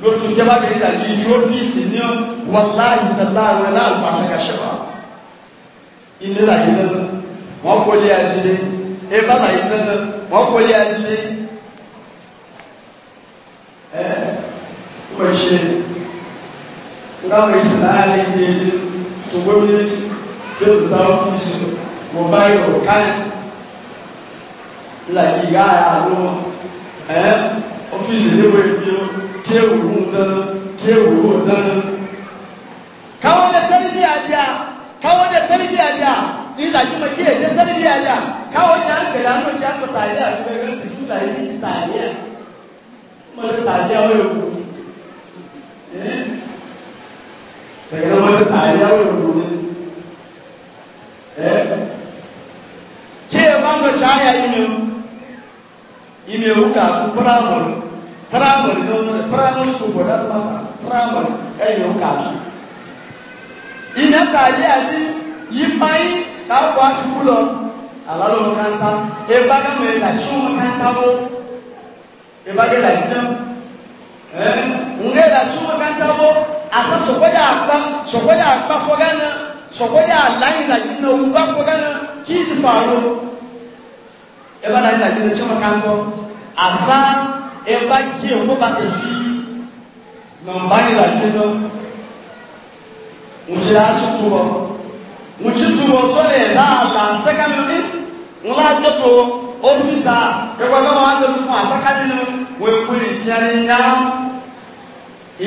lójú jẹba kẹrin dàbí yóò bí sèniọ wàláyé tẹlá rẹ láàlú àṣàkàṣẹwà ilé làyé lẹnu wọn kò lé àjílé ébà làyé lẹnu wọn kò lé àjílé ẹ wọ́n ṣe káwọn èsì náà lè ní ẹni tó gbé wọlé sí bẹ́ẹ̀ bá wọn fún sí wọn bá yọrọ káyọ làyè ìyá àlọ ẹ ọfíìsì níwèé bí ó tí èwù ń dáná tí èwù ń dáná. káwọn lè tẹ́lẹ̀ bí àdíà káwọn lè tẹ́lẹ̀ bí àdíà ìdájú mọ̀ kí èdè tẹ́lẹ̀ bí àdíà káwọn lè àgbẹ̀rẹ̀ àná tí a kọ̀ tàyẹ̀ àgbẹ̀rẹ̀ bìsí làyè ní tàyẹ̀ mọ̀ ní tàyẹ̀ ọ̀ pegando wọ́n ti ta ẹ̀yẹ́ wọ̀ que ní. Ẹ́ kí ẹ bá ń lọ ṣáá ya ìmì o, ìmì o kà fún pírámọ̀rì, pírámọ̀rì ló ń pírámọ̀rì ṣùgbọ́n láti máa ta pírámọ̀rì ẹ̀yẹ́ o kà fún. Ìyẹn ta ayé àti yípayí káwọ́ àtúkú lọ, àlálò kanta, ẹ bá dáhùn ẹ̀ tà tí wọ́n kanta bọ́, ẹ bá gé làjú náà amma sokoda akpa sokoda akpa fogana sokoda alayi na yi na wuba fogana ki ti faru eba na yi na yi na cewa kanto asa eba ki ewu ba te fi na mba yi na yi na ŋutsu la tu tu wɔ ŋutsu tu wɔ tɔ le la la sekanobi ŋla tɔtɔ ofisa ekɔ kama wa tɔ tu fún asakadi nu wo ekuli tiɛ ni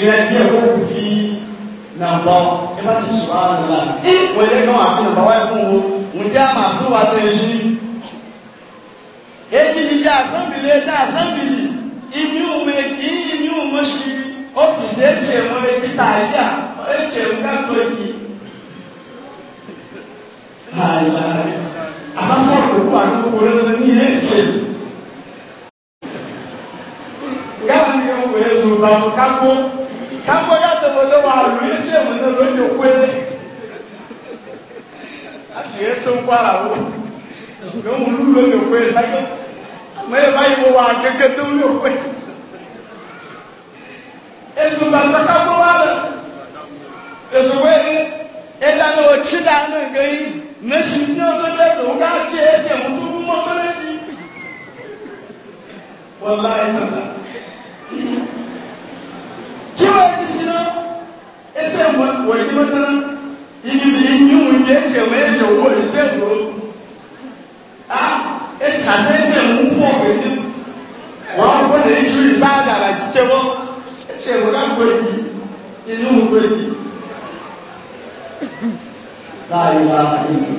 ìyẹn ní ẹ̀kọ́ kù fi nàmbọ ẹ bá ti sùn àwọn nàmbà ẹ wọ́n yẹ kí wọ́n àti nàmbà wáyé fún wọn wọ́n jẹ́ àmà fún wa sọ èyí. èyí ni jẹ́ àsánbìlì ẹ̀dá àsánbìlì ìmí òmè kì í ìmí òmò sí ọ́fíìsì ẹ̀jẹ̀ mọ́ ẹ̀jẹ̀ tààyà ẹ̀jẹ̀ mọ́ ẹ̀jẹ̀ àyà àbáfọ́ òkú àdúgbò rẹ̀ ní ẹ̀jẹ̀. gani ya uwezo babu kango kango ya tẹmọlẹ wa lóye tí èmọlẹ lóye kwele àti ètò nkwara wo yóò mú lulu lóye kwele láyé àmọ yẹ báyìí mo wà gẹgẹ tó lóye kwele èso bàbá kango wa lọ èso wẹni ẹdáná ọtí dáná gẹyìn nẹsì ní ọtọ lẹtọ ọgá tí ẹ jẹ mọtò mọtò lẹyìn wọláyé nàlá kiwa ekishina ekyemwe weyimatana inyumunye ekyemwe ekyowo ekyeguro a ekisasa ekyemufo weyi wabona ekiri bagala kikebo ekyemwe kakweyi inyumukweyi láàrin ara nínú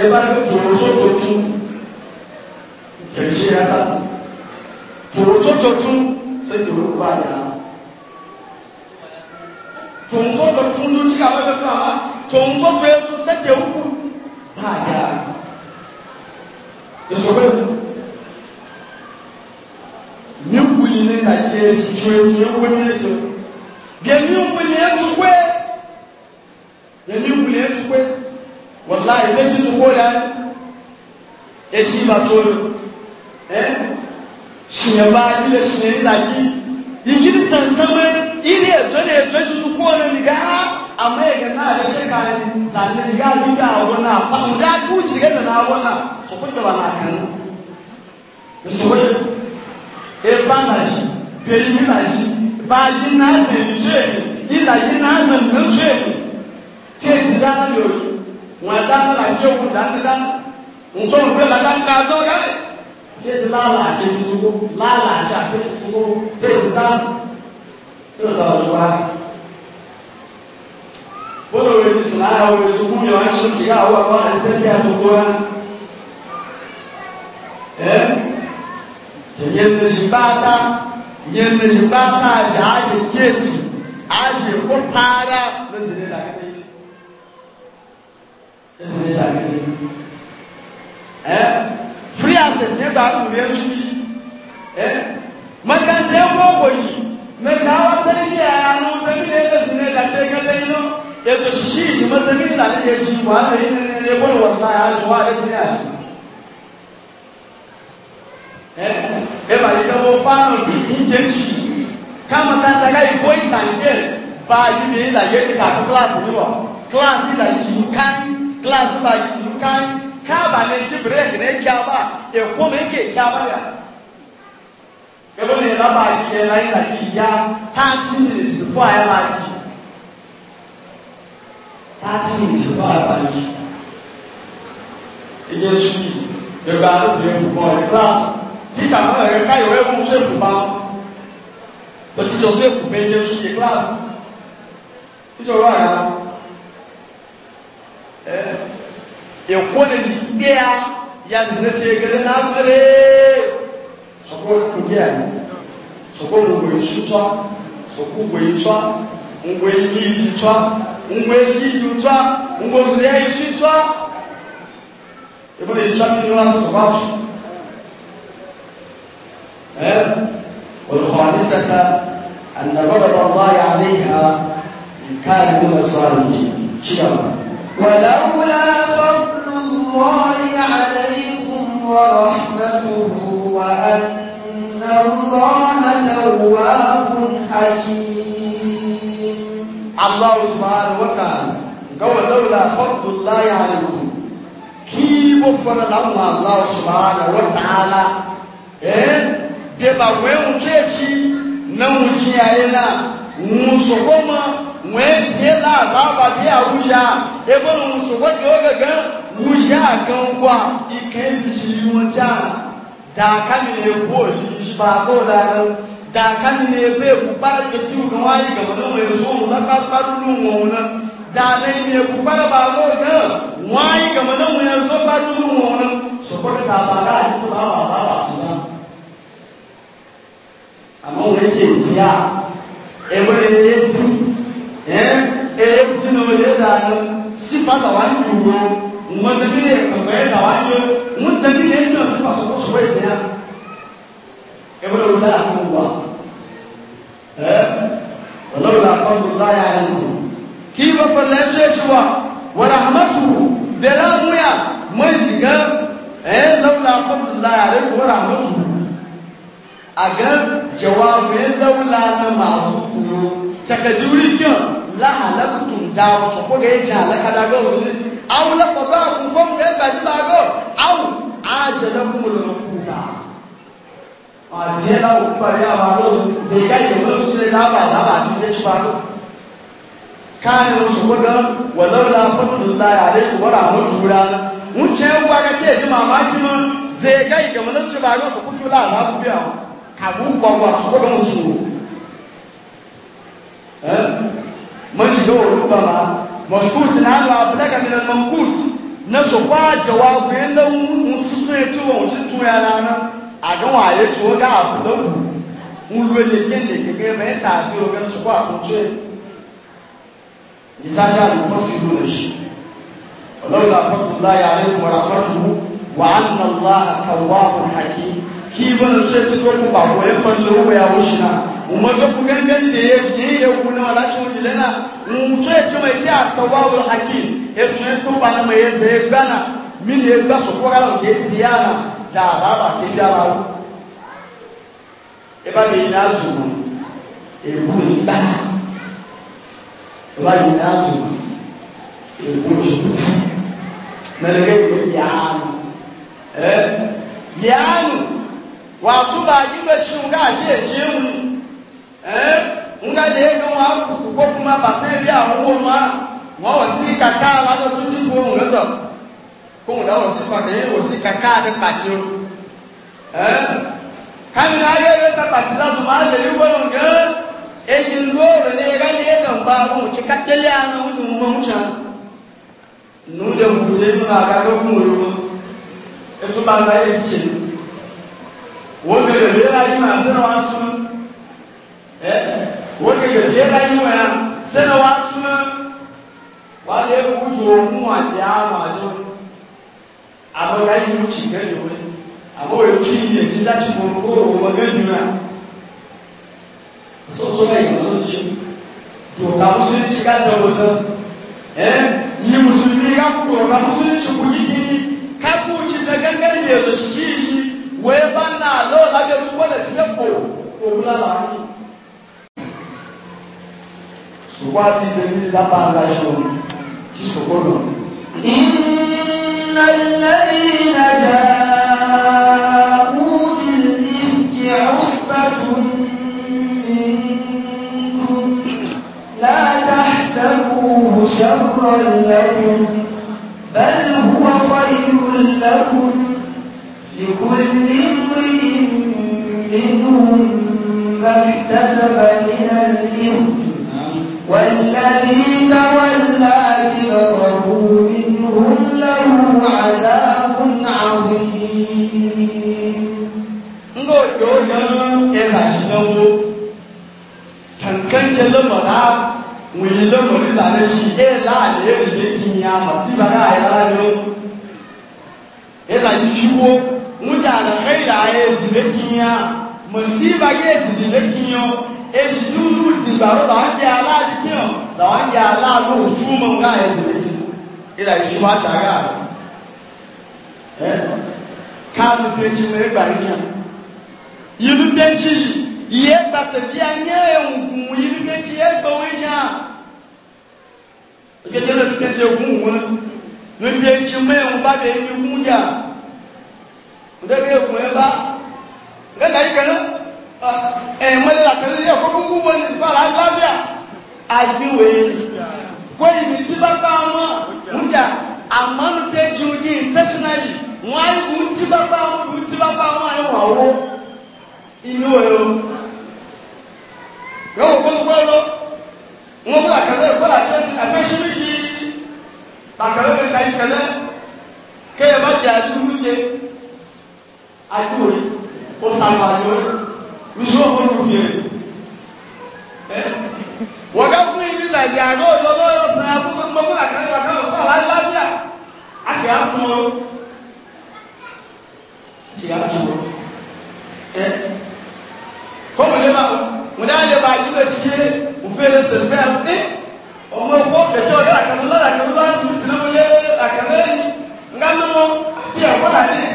ẹ bá ní tòun tó tó tú kẹ̀kẹ́ yàtọ̀ tòrótótó tún ṣe tòrótó bá yà á tòǹtótó tún ló jí àwọn ẹgbẹ́ fún wa tòǹtótó yẹ tún sẹ́kẹ̀ òkú bá yà á ìṣòro ẹ̀kú ní wuli ní nàìjíríà ìṣòro ẹ̀kú ní wuli ní ètò bí ẹni wuli ẹ̀kú pé ẹni wuli ẹ̀kú pé wọ́n láyé lẹ́yìn tó wọ́n yá ẹ̀ṣin ìbátan rẹ̀ shinaba ile shinari laki yigiri sansama ile ezo ne ezo ezo ko ne ni ga amma ya na da sheka ne zanne ga bi da wona fa da ku ji ga na wona so ko da na kan so ko e ba na shi be ni na shi ba ji na ne je ila ji na ne ne je ke ti da na yo wa da na la je ku da na da nso nfe la da ka zo ga 这是拉拉这个足够，拉拉下这个足够，这个当，这个倒是吧？我认为是哪样？我是公园是几啊？我我很天天做过。哎，今年的是八大，年的是八大下是阶级，还是不怕的？那是你哪个？那是你哪个？哎。free access ní ẹgbàá tó yẹn ṣú yìí ẹ mọ̀tàǹtì ẹ̀kọ́ wọ̀ yìí mẹta wa tẹ́lẹ̀ ní àánú tẹ́lẹ̀ ní ẹgbẹ́ sí ní ẹgbẹ́ sí ẹgbẹ́ lẹ́yìn náà ètò ṣíṣí ìjùmọ̀ tẹ́lẹ̀ ní ìlànà yẹn ṣì wà ní ẹgbẹ́ wọn náà àjọ wà lẹ́tí ní àjọ. ẹ bá yẹ kẹ́wọ́ fáánù sí ìjẹ́ ṣì káàmù tàǹtà ká ìkó ìsàǹdẹ̀ bá yí ní ìlànà yẹn ti kà fún kíláàsì níwọ̀ kíláàsì ìlànà yìí ká kíláàsì ìlànà yìí ká kaaba ne ti breki ne kyaba eko ne ke kyaba ya kẹlẹ ní ẹlá bá yí ẹlá yí la yí e ya thirty minutes before ayé la yí thirty minutes before ayé la yí ẹyẹ e su yi ẹgbẹ alo fi ẹfu bọ ẹ class tíkà fún ẹ ká yọ fún ẹfu bá lọtí sọ fún bẹ ẹyẹ su yi class nítorí wà yà ẹ. يكون جديا يا زنتي كرنا غري سكون كجيا سكون مغوي شوتا سكون مغوي شوا مغوي يي شوا مغوي يي شوا مغوي زيا يي شوا يبغى يشان يلا سباش والخامسة أن غضب الله عليها إن كان من الصالحين كلام ولولا فضل الله عليكم ورحمته وأن الله تواب حكيم الله سبحانه وتعالى قول لولا فضل الله عليكم كيف وفر لما الله سبحانه وتعالى إيه بيبا وين وكيتي نوجي علينا نوصفهما وين تيلا غابا بيا وجا يقولوا نوصفه يوجا wúyá kan wà ike ìjì wọn já dàáká da lè kú òjì ìṣùpá kó dáadáa dàáká mi lè bẹ́ẹ̀ kú bá etí ìgbọ̀n wáyé ìgbọ̀n náà lè sóhun lápá lólu wọn náà dalai ne ku fara ba ko ga wai ga mana mu yan so ba du mu wannan so ko ta ba ga ku ba ba ba ba su na amma mu yake tiya e bare ne ti eh e ti no le si fa ta wa ni ku wọn tẹbi yẹ ọgbẹ yẹ dàwa yẹ wọn tẹbi yẹ ẹni ọsùn àsọkọ sọ ẹ tẹ ya ẹwọlẹ wọn dára kó wa ẹ ọlọrun la fọwọ́ ló láyà ẹ lọ kí n bá wa wọlé hamatu dẹrẹ amúyà mọ ìdìgẹ ẹ lọwọ la fọwọ́ ló la ẹ máa sùn fún yọ tẹkẹdìrì jẹ láhàlẹ aw la fadaakum kom be ba ti ba go aw ajalakum al uquba ajela upa ya ba lo de ga yo lo se la ba la ba ti de swa lo kan lo so go wa law la fadlullahi alayhi wa rahmatuhu la mun che wa ga ke ma ma ki mo ze ga ga mo lo ti ba go so ku la la ku bi aw ka bu gwa gwa so go mo su eh mo ji do lu ba ma مسكوت نعم أبلغ من المنكوت نسوا جواب إنه نسوسنا يتوه ونسوسنا يلانا أجمع يتوه كأبلغ ولو يجين لكي ما يتعطي وكان سوا أخوته يساجع المفسدون الشيء ولولا فضل الله عليكم ورحمته وأن الله تواب حكيم kibanin sai ci ko ba ko ya fallo ya wushina umma da ku gangan da ya ce ya kuna wala shi wajilana mutu ya cima ili a tawawul hakim ya tun ya tuba na mai yanzu ya gana min ya gba su kwara ke tiyana da araba ke jarawo eba ne na zuru ebu ba eba ne na zuru ebu zutu na daga yi yanu eh yanu wato ba yi bacin ga ke ce eh nga le ye ŋun akuku ko kuma bàtẹ́ bí àwọn wo ma wọ́n wọ̀ sí kàkà lọ́dọ̀ tó ti kú òun lọ́dọ̀ kó ŋun lọ́wọ́ sí kàkà yẹn wọ̀ sí kàkà ní pàtó ẹ́ kàmínà ayé yẹn fẹ́ pàtó sásùn máa lè yí wọ́n gẹ́ èyí lóòrè ní ẹ̀ka ní ẹ̀ka ńgbà wọn ti ká tẹ́lẹ̀ àná wọn ti mọ̀ ń tàn nù lè wù tẹ́ nínú àgàdo kún òun wọn ètò bá gba yẹn tiẹ̀ wọ́n lé ayé màá sẹ́nu wá tún ẹ́ wọ́n yẹ yẹ la yi wọ́n ya sẹ́nà wà túnmẹ́ wà lé wújú òun àti àwọn àjọ àbọ̀ ya yi wújú kẹ́lẹ́ wọ́n àbọ̀ yẹ kí yẹ ti láti fún kó o wọ́n gẹ́ nínú yà sọ́tọ́ la yìí wọ́n ti yóò ká mùsùlùmí ti ká dọ̀wọ́ dọ̀ ẹ́ yí mùsùlùmí ká kú yóò ká mùsùlùmí ti kú yí kí ká kú ti dẹ̀ gẹ́gẹ́ yẹ̀ lọ́sí yìí wọ́n bá nà lọ́ọ́ ṣùgbọ́n àti ìdèmí látara ìṣòro kí ṣòkòrò. Iná lẹ́yìn àjà mú ìlìkì ọ̀pẹ̀dùn ní kú láàdá sẹ́kù ṣẹ́kù lẹ́kùn bẹ́ẹ̀ wọ́n wá ìlú lẹ́kùn لكل امرئ منهم ما اكتسب من الإثم والذي تولى كبره منهم له عذاب عظيم ngojo yan era jinawo tankan jelo mara wili lo mori la le shi e la le ri be kinya ma si ba ra ya lo e la yiwo mu ja na khaira e di be kinya musiba ge di be kinyo èṣù dìgbà ó làwọn jẹ aláàdì kí ọ làwọn jẹ aláàdì òfú mọ nǹkan ẹsẹ méjì ìlà ìṣú àṣàgà ẹ káàdì tó ẹjì wọn ẹgbà yìí yàn yìí tó ẹjì yìí ẹgbà tẹ̀lé ayé ẹ̀hùnkùn yìí tó ẹjì ẹgbà wọn yàn ìgbẹ́jẹ́ lọ́dún tó ẹjì wọn ní bí mẹ́rin bá bẹ̀ ẹ̀yìn wọn yà ọ̀dẹ́gbẹ́ ẹ̀ bá ẹ̀ ẹ̀mọ́lẹ́ àtẹ̀lẹ́ yẹ fún kúkú wọn ní fara lábíà àgbéwé wọ́n yìí tí bá bá wọn ń jà àmọ́nùtẹ́ ju ojú intentionally á tí bá bá tí bá bá wà wọ́ inú ẹ̀ o. yọ̀wọ̀ ka bá àdúgbò yẹ àdúgbò bísọ̀ ọ̀hún ló fi ẹ̀. wọ́n ká fún ibi nàìjíríà àgọ́ ìjọba ọ̀sán àbúkọ́ gbọ́kúrà kan ní wàkàrà ọ̀sán aláìláfíà a kì á tún ọ. kì á tún ọ. kọ́mù lè bá wọn dá lè bá ìdílé tiye òfin lè tẹ̀lé bẹ́ẹ̀ ẹ́ ọmọ ẹ̀kọ́ fẹ̀jọ́ ọ̀dọ́ àkànlọ́ àkànlọ́ àti ìdílé wọn lé àkànlọ́ yìí ńgá lọ́wọ́ àti ẹ̀kọ́ àti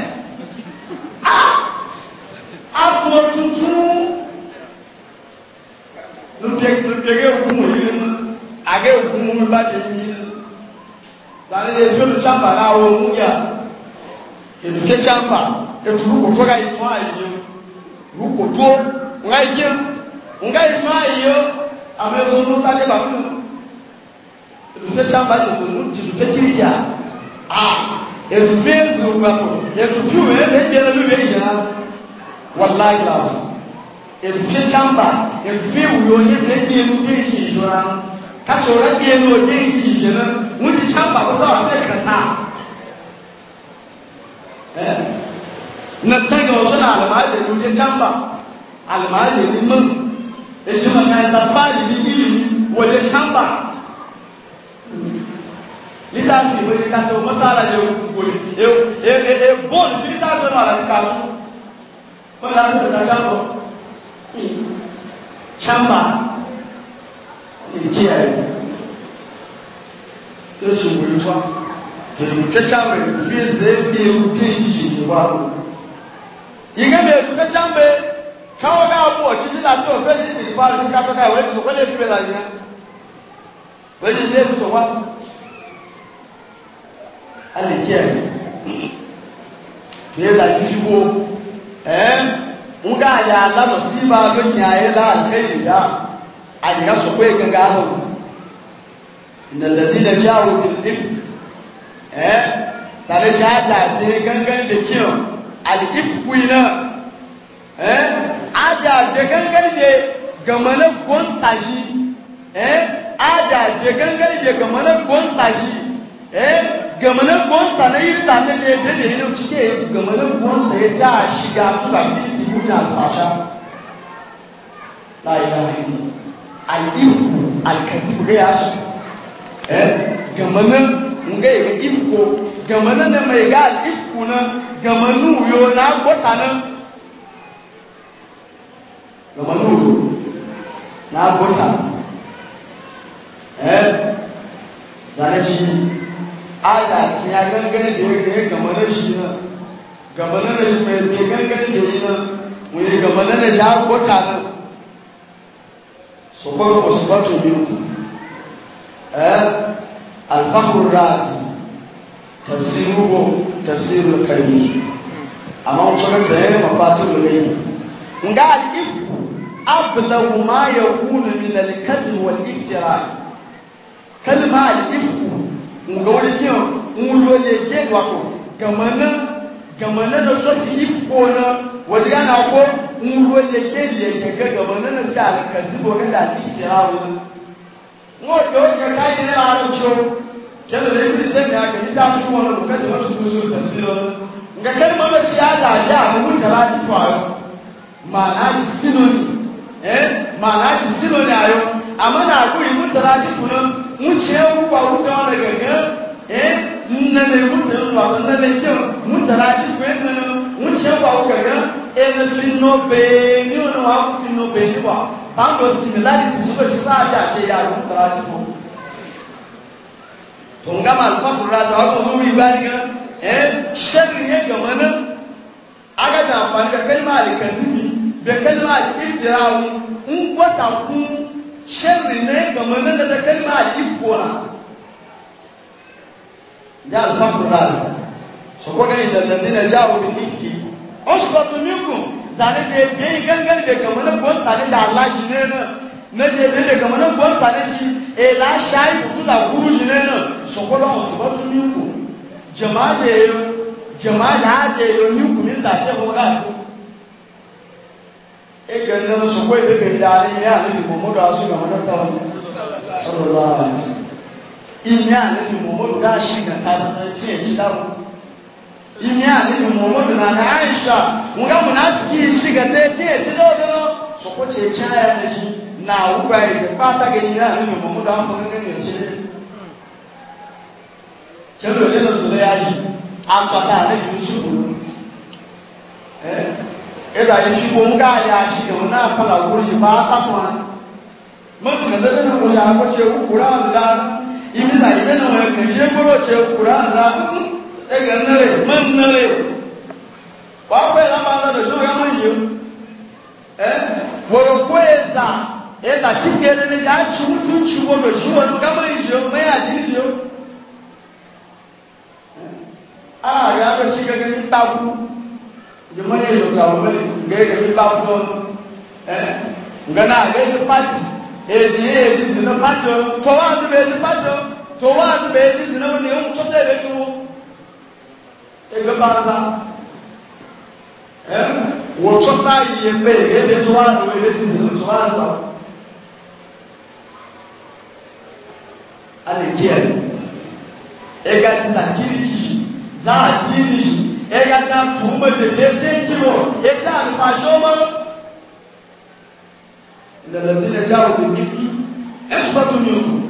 gẹ́gẹ́ òkun yìí ní àgẹ́ òkun mú bá jẹ yìí ní láti lè fi olú champa láwọ ohun yà èdè ké champa ètò rúkò tó ká ìtọ́ àyè rúkò tó nga ìjẹ nga ìtọ́ àyè àwọn ẹ̀fọ́ ló sáré bàbá mi èdè ké champa lè tó lóun jìdù pé kiri yà á èdè fẹ́ zòwúgbà fún èdè fíwèé lè jẹ́ lórí bẹ́ẹ̀ yà wàláyé làwọn efi chamba efi wuyo ne se bi enu bi nki yi zora kati ora bi enu o bi nki yi zora ŋun ti chamba ko sɔ ɔsɛ kata ɛ na tɛgɛ o sɔ na alimari de wuli chamba alimari de ni mu eyi ma ka ta fa yi ni yi wòle chamba litaasi wòle kasi o mɔsala de wòle e e e bɔn litaasi wòle ma la ti ka mu kɔmi a ti tɛ ta chamba shamba ikiyaye kyekimulitwa ebintu ekyambe bize ebintu byeyiyinibwa yingebe ebintu ekyambe kawogaamu okikiraki ofenisibalo kikatokaye wekisokola ekibelanya wekize ebisowa alekiyaye tuyelakiriwo nga ya la masiba ga kiyaye la alkhairi da a ga su kai ga gano innal ladina ja'u bil ifk eh sare shata ne gangan da kiyo al ifku ina eh aja da gangan da gamana gonta shi eh aja da gangan da gamana gonta shi eh gamana gonta na yi sane shi da ne ne cike gamana gonta ya ta shiga su ba bídà àlùfàṣà láyé láyé mú àlìfù àlìkàtìfù rẹ̀ àṣù ẹ gàmọ́nà nga yẹ ìfò gàmọ́nà nà mà yẹ gà àlìfù nà gàmọ́nà wùyọ nà àgbọ̀tà nà gàmọ́nà wùyọ nà àgbọ̀tà ẹ zàlẹ́ sí àyà àti agangẹ́ dèrè gàmọ́nà sí gaba na na shi mai gangan da yi nan wani gaba na na ja gota nan su kwan kwasfatu biyu alfahun razi tafsiru ko tafsiru kalmi amma wancan ta yi mafatin da ne nga al'if ablaw ma yakunu min al-kadhib wal iftira kalma al-if nga wani kiyo ke wato kamar gama na da so ti yi ko na wani yana ko in ruwan ya ke da ya ga gama na da da ka zubo ga da ti ce ha wani mo do ka kai ne a cho ke da ne ni sai ga ni da su wani ka da wani su su tafsiro ga kalmar da ci ala ya mu mutara ti faro ma'ana sinoni eh ma'ana sinoni ayo amma na ku yi mutara ti kuno mu ce ku ba ku da wani gangan eh nnẹnẹ wúndẹ ńlọ àwọn nnẹnẹ kí ọ wúndẹrẹ àti ìwé nnẹnẹ wúnkyẹ wà wọkẹyẹ ẹnẹ fi nọ bẹẹ ní wọn wà fi nọ bẹẹ ní wà báńkò similarity sọ fẹ sọ àjẹ àjẹ yà ló wúndẹrẹ àti fún. tòǹgà máa lọ fún ra sọ wọn kò wúwo ìgbà nìkan ẹ sẹ́ni yẹn gbọ̀mọ náà agadá àǹfààní kẹkẹ́ ní máa lè kẹ́sí mi bẹ̀kẹ́ ní máa lè ìtìrà wọn ń gbọ́ta fún sẹ́ni yẹn gbọ̀mọ náà kẹkẹ́ ní máa lè fò náà jẹ́ alifáàmù láti ṣùgbọ́n ní dandandan na jẹ́ àwọn obìnrin kì í ọṣù pàtó mímú sáré ṣe bí i gángan lè gàmọ́ náà gbọ́n sáré ṣe aláṣì náà náà ṣe bí i lè gàmọ́ náà gbọ́n sáré ṣe èlà ṣá ìkùtù là kúrú ṣe náà ṣùgbọ́n lọ́wọ́ ṣùgbọ́n tó mímú jẹ̀mọ́ àjẹ́ yẹn jẹ̀mọ́ àjẹ́ yẹn mímú mi ta ṣe fún káàtó. e gẹ̀ẹ́nà ṣùgbọ́n ìbẹ̀rẹ̀ dáadé ní àlejò mọ̀mọ́dọ̀ àṣù gàmọ́ náà tọ́ ìmí àlejò mọ̀mọ́dù dá sí ìgbàta tí èyí dáwọ́ ìmí àlejò mọ̀mọ́dù náà ní àìsà wọn gá mọ̀nà kí sí ìgbàta tí èyí dáwọ́ dáná sọ̀kọ́ tí èyí ṣáà yà ní na àwùgbà pata pátákì ìmí àlejò mọ̀mọ́dù àkọ́kọ́ nínú ìṣẹ́ kẹlẹ́ òye lọ sọ̀rọ̀ yá yìí àtọ́ta àlejò ṣùgbọ́n ẹ̀ ẹ̀ ẹ̀dà yẹn ṣùgbọ́n wọn gá yà sí ìwọ̀n náà kọ́lá wọ́n yìí bá a sá fún wa mọ́tò kẹsẹ́ imisa ibena wa kashe buro ce kura za e ga nare man nare wa ko la ma da so ya mun yi eh woro ko eza e da tinge ne ne eh? ah, ya ci mutu ci wo do ci wo ga ma yi yo ma ya ji yo a ga ni ta ku je mane yo ta wo ne ga ga ni ta ku eh ngana ga ni party èdè èdè sínú pàtó tó wá sí bẹ́ẹ̀ ní pàtó tó wá sí bẹ́ẹ̀ sí sínú ní ohun tó sẹ́ bẹ́ẹ̀ tó ẹgbẹ́ bá sá wò tó sá iye pé èdè tó wá sí bẹ́ẹ̀ sí sínú tó wá sá. alẹ́ kí ẹ̀ ẹ̀ka ti sá kiriki zá àti ìrìsì ẹ̀ka ti sá tùmọ̀ tètè ṣé ń jìbọ̀ ẹ̀ka àti pàṣọ mọ́. الذين جاءوا بالإفك عصبة منكم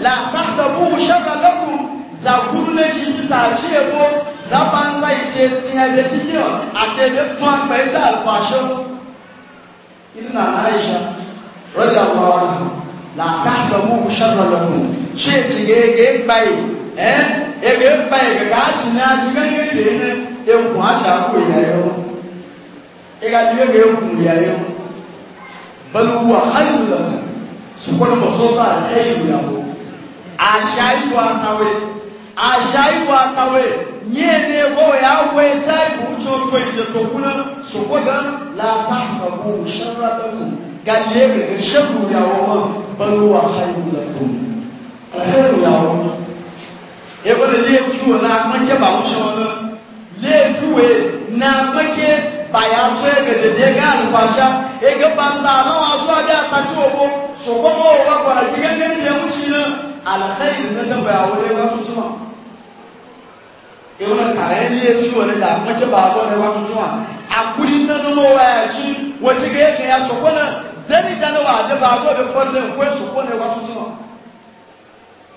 لا تحسبوه شرا لكم zagunle shi ta ce ko zaban zai ce tiya da cikin a ce da tuwan bai da alfashin inna aisha radiyallahu la tahsabu sharra lakum ce ci ge ge eh e ge bai na ji ga ne ne e ku a ta ku yayo bal huwa khairun lahu sukɔni mɔsɔnba alhɛyiru yahu ashayi wa tawe ashayi wa tawe nye ne wo ya wo ta ibu tso tso yi to kuna sukɔ gan la ta sago sara lahu galiye gɛgɛ sɛku yahu ma bal huwa khairun lahu alhɛyiru yahu ma ebe ne lee fiwo na amakye ba bayan so ya gaje da ya ga alfasha ya ga banza na wasu abi a tafi obo so kuma wa ba kwa ki gangan da muci na alkhairi na da baya wani ba su tuma yawon kayan liye ci wani da kuma ke ba wani ba su tuma a kuri na zama waya ci wace ga yake ya so kuna jani jani wa da ba wani kwanin kwai so kuna ba su tuma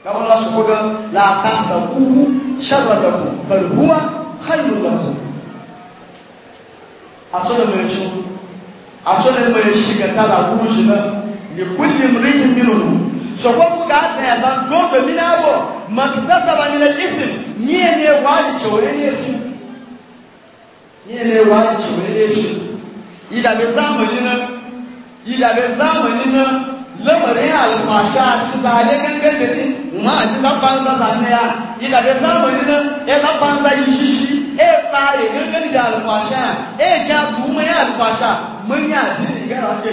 kamar na su kuga la tasa kuhu sharra da ku bal huwa khairun lakum asole mai shi asole mai shi ga tala guru shi nan li kulli mri'in minhum so ko ga da ya san to da mina bo maktasaba ni ne wali chore ne shi ni ne wali chore ne shi ida be zamani nan ida be zamani nan lamarin alfasha ci zale gangan da ni ma a ci zaban zaza ne ya ida be zamani nan ya zaban zai shi shi efaye gangani da alfasha e ja tuma ya alfasha mun ya jini ga wanda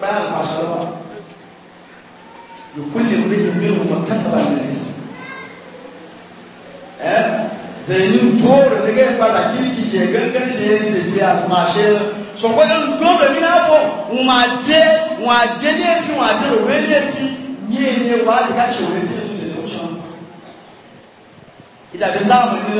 ba alfasha ba لكل امرئ منهم ما اكتسب eh zainin tore da gai fara kirki ke gangan da ya ce ce a mashe so kwanan tore ni na ko waje waje ne ki waje ne ki ne ne wa da ìdàbí sáàmù ni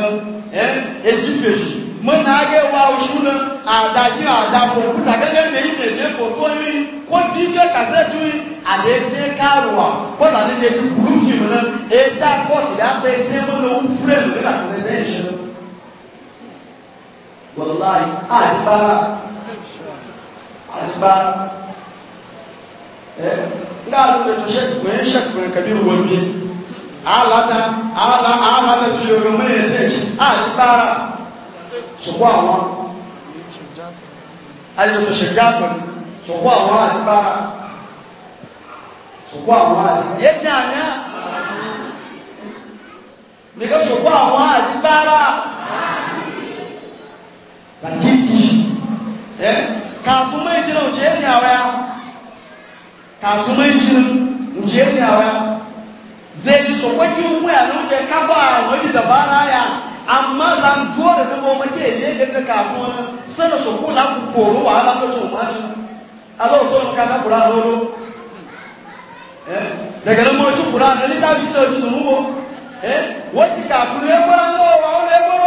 èyí fèjì mọ́ náà gé wa oṣù náà àdájú àdàpọ̀ òkúta gẹ́gẹ́ bí èyí nìyẹn kò tó ní kó díjẹ́ kàṣẹ́tù yìí àdé tí káàrùwà kó tàbí ṣe ti burú fìmù náà èyí tí a pọ̀ sí àpẹ tí mọ́ náà ń fúrẹ́mù nígbà tó ní ẹ̀yìn ṣe. wàláì àtibá àtibá ẹ ńlá ló lè tó ṣe kùnrin ṣe kùnrin kàbí wọ́n mi alada ala alada ti yorùbá mẹ́rin ẹ̀dẹ́ àti tààrà ṣùgbọ́n àwọn ayélujára ṣèjáàbọ̀ ṣùgbọ́n àwọn àti tààrà ṣùgbọ́n àwọn àti yé tí a yá nìkan ṣùgbọ́n àwọn àti tààrà kàkíkì ẹ kàtún méjì náà ò jẹ́ ẹ̀yà wẹ́ kàtún méjì náà ò jẹ́ ẹ̀yà wẹ́ zai ji sokwakin waya nuke kaba wani da ba ya amma zan dole da mu make ne da ka kafu sana sokko la ku koro wa ala ko ma ji ala so ka na kura roro eh daga nan mu ci kura da ni ta ji ta ji mu eh wati kafu ne ko ran go wa ne go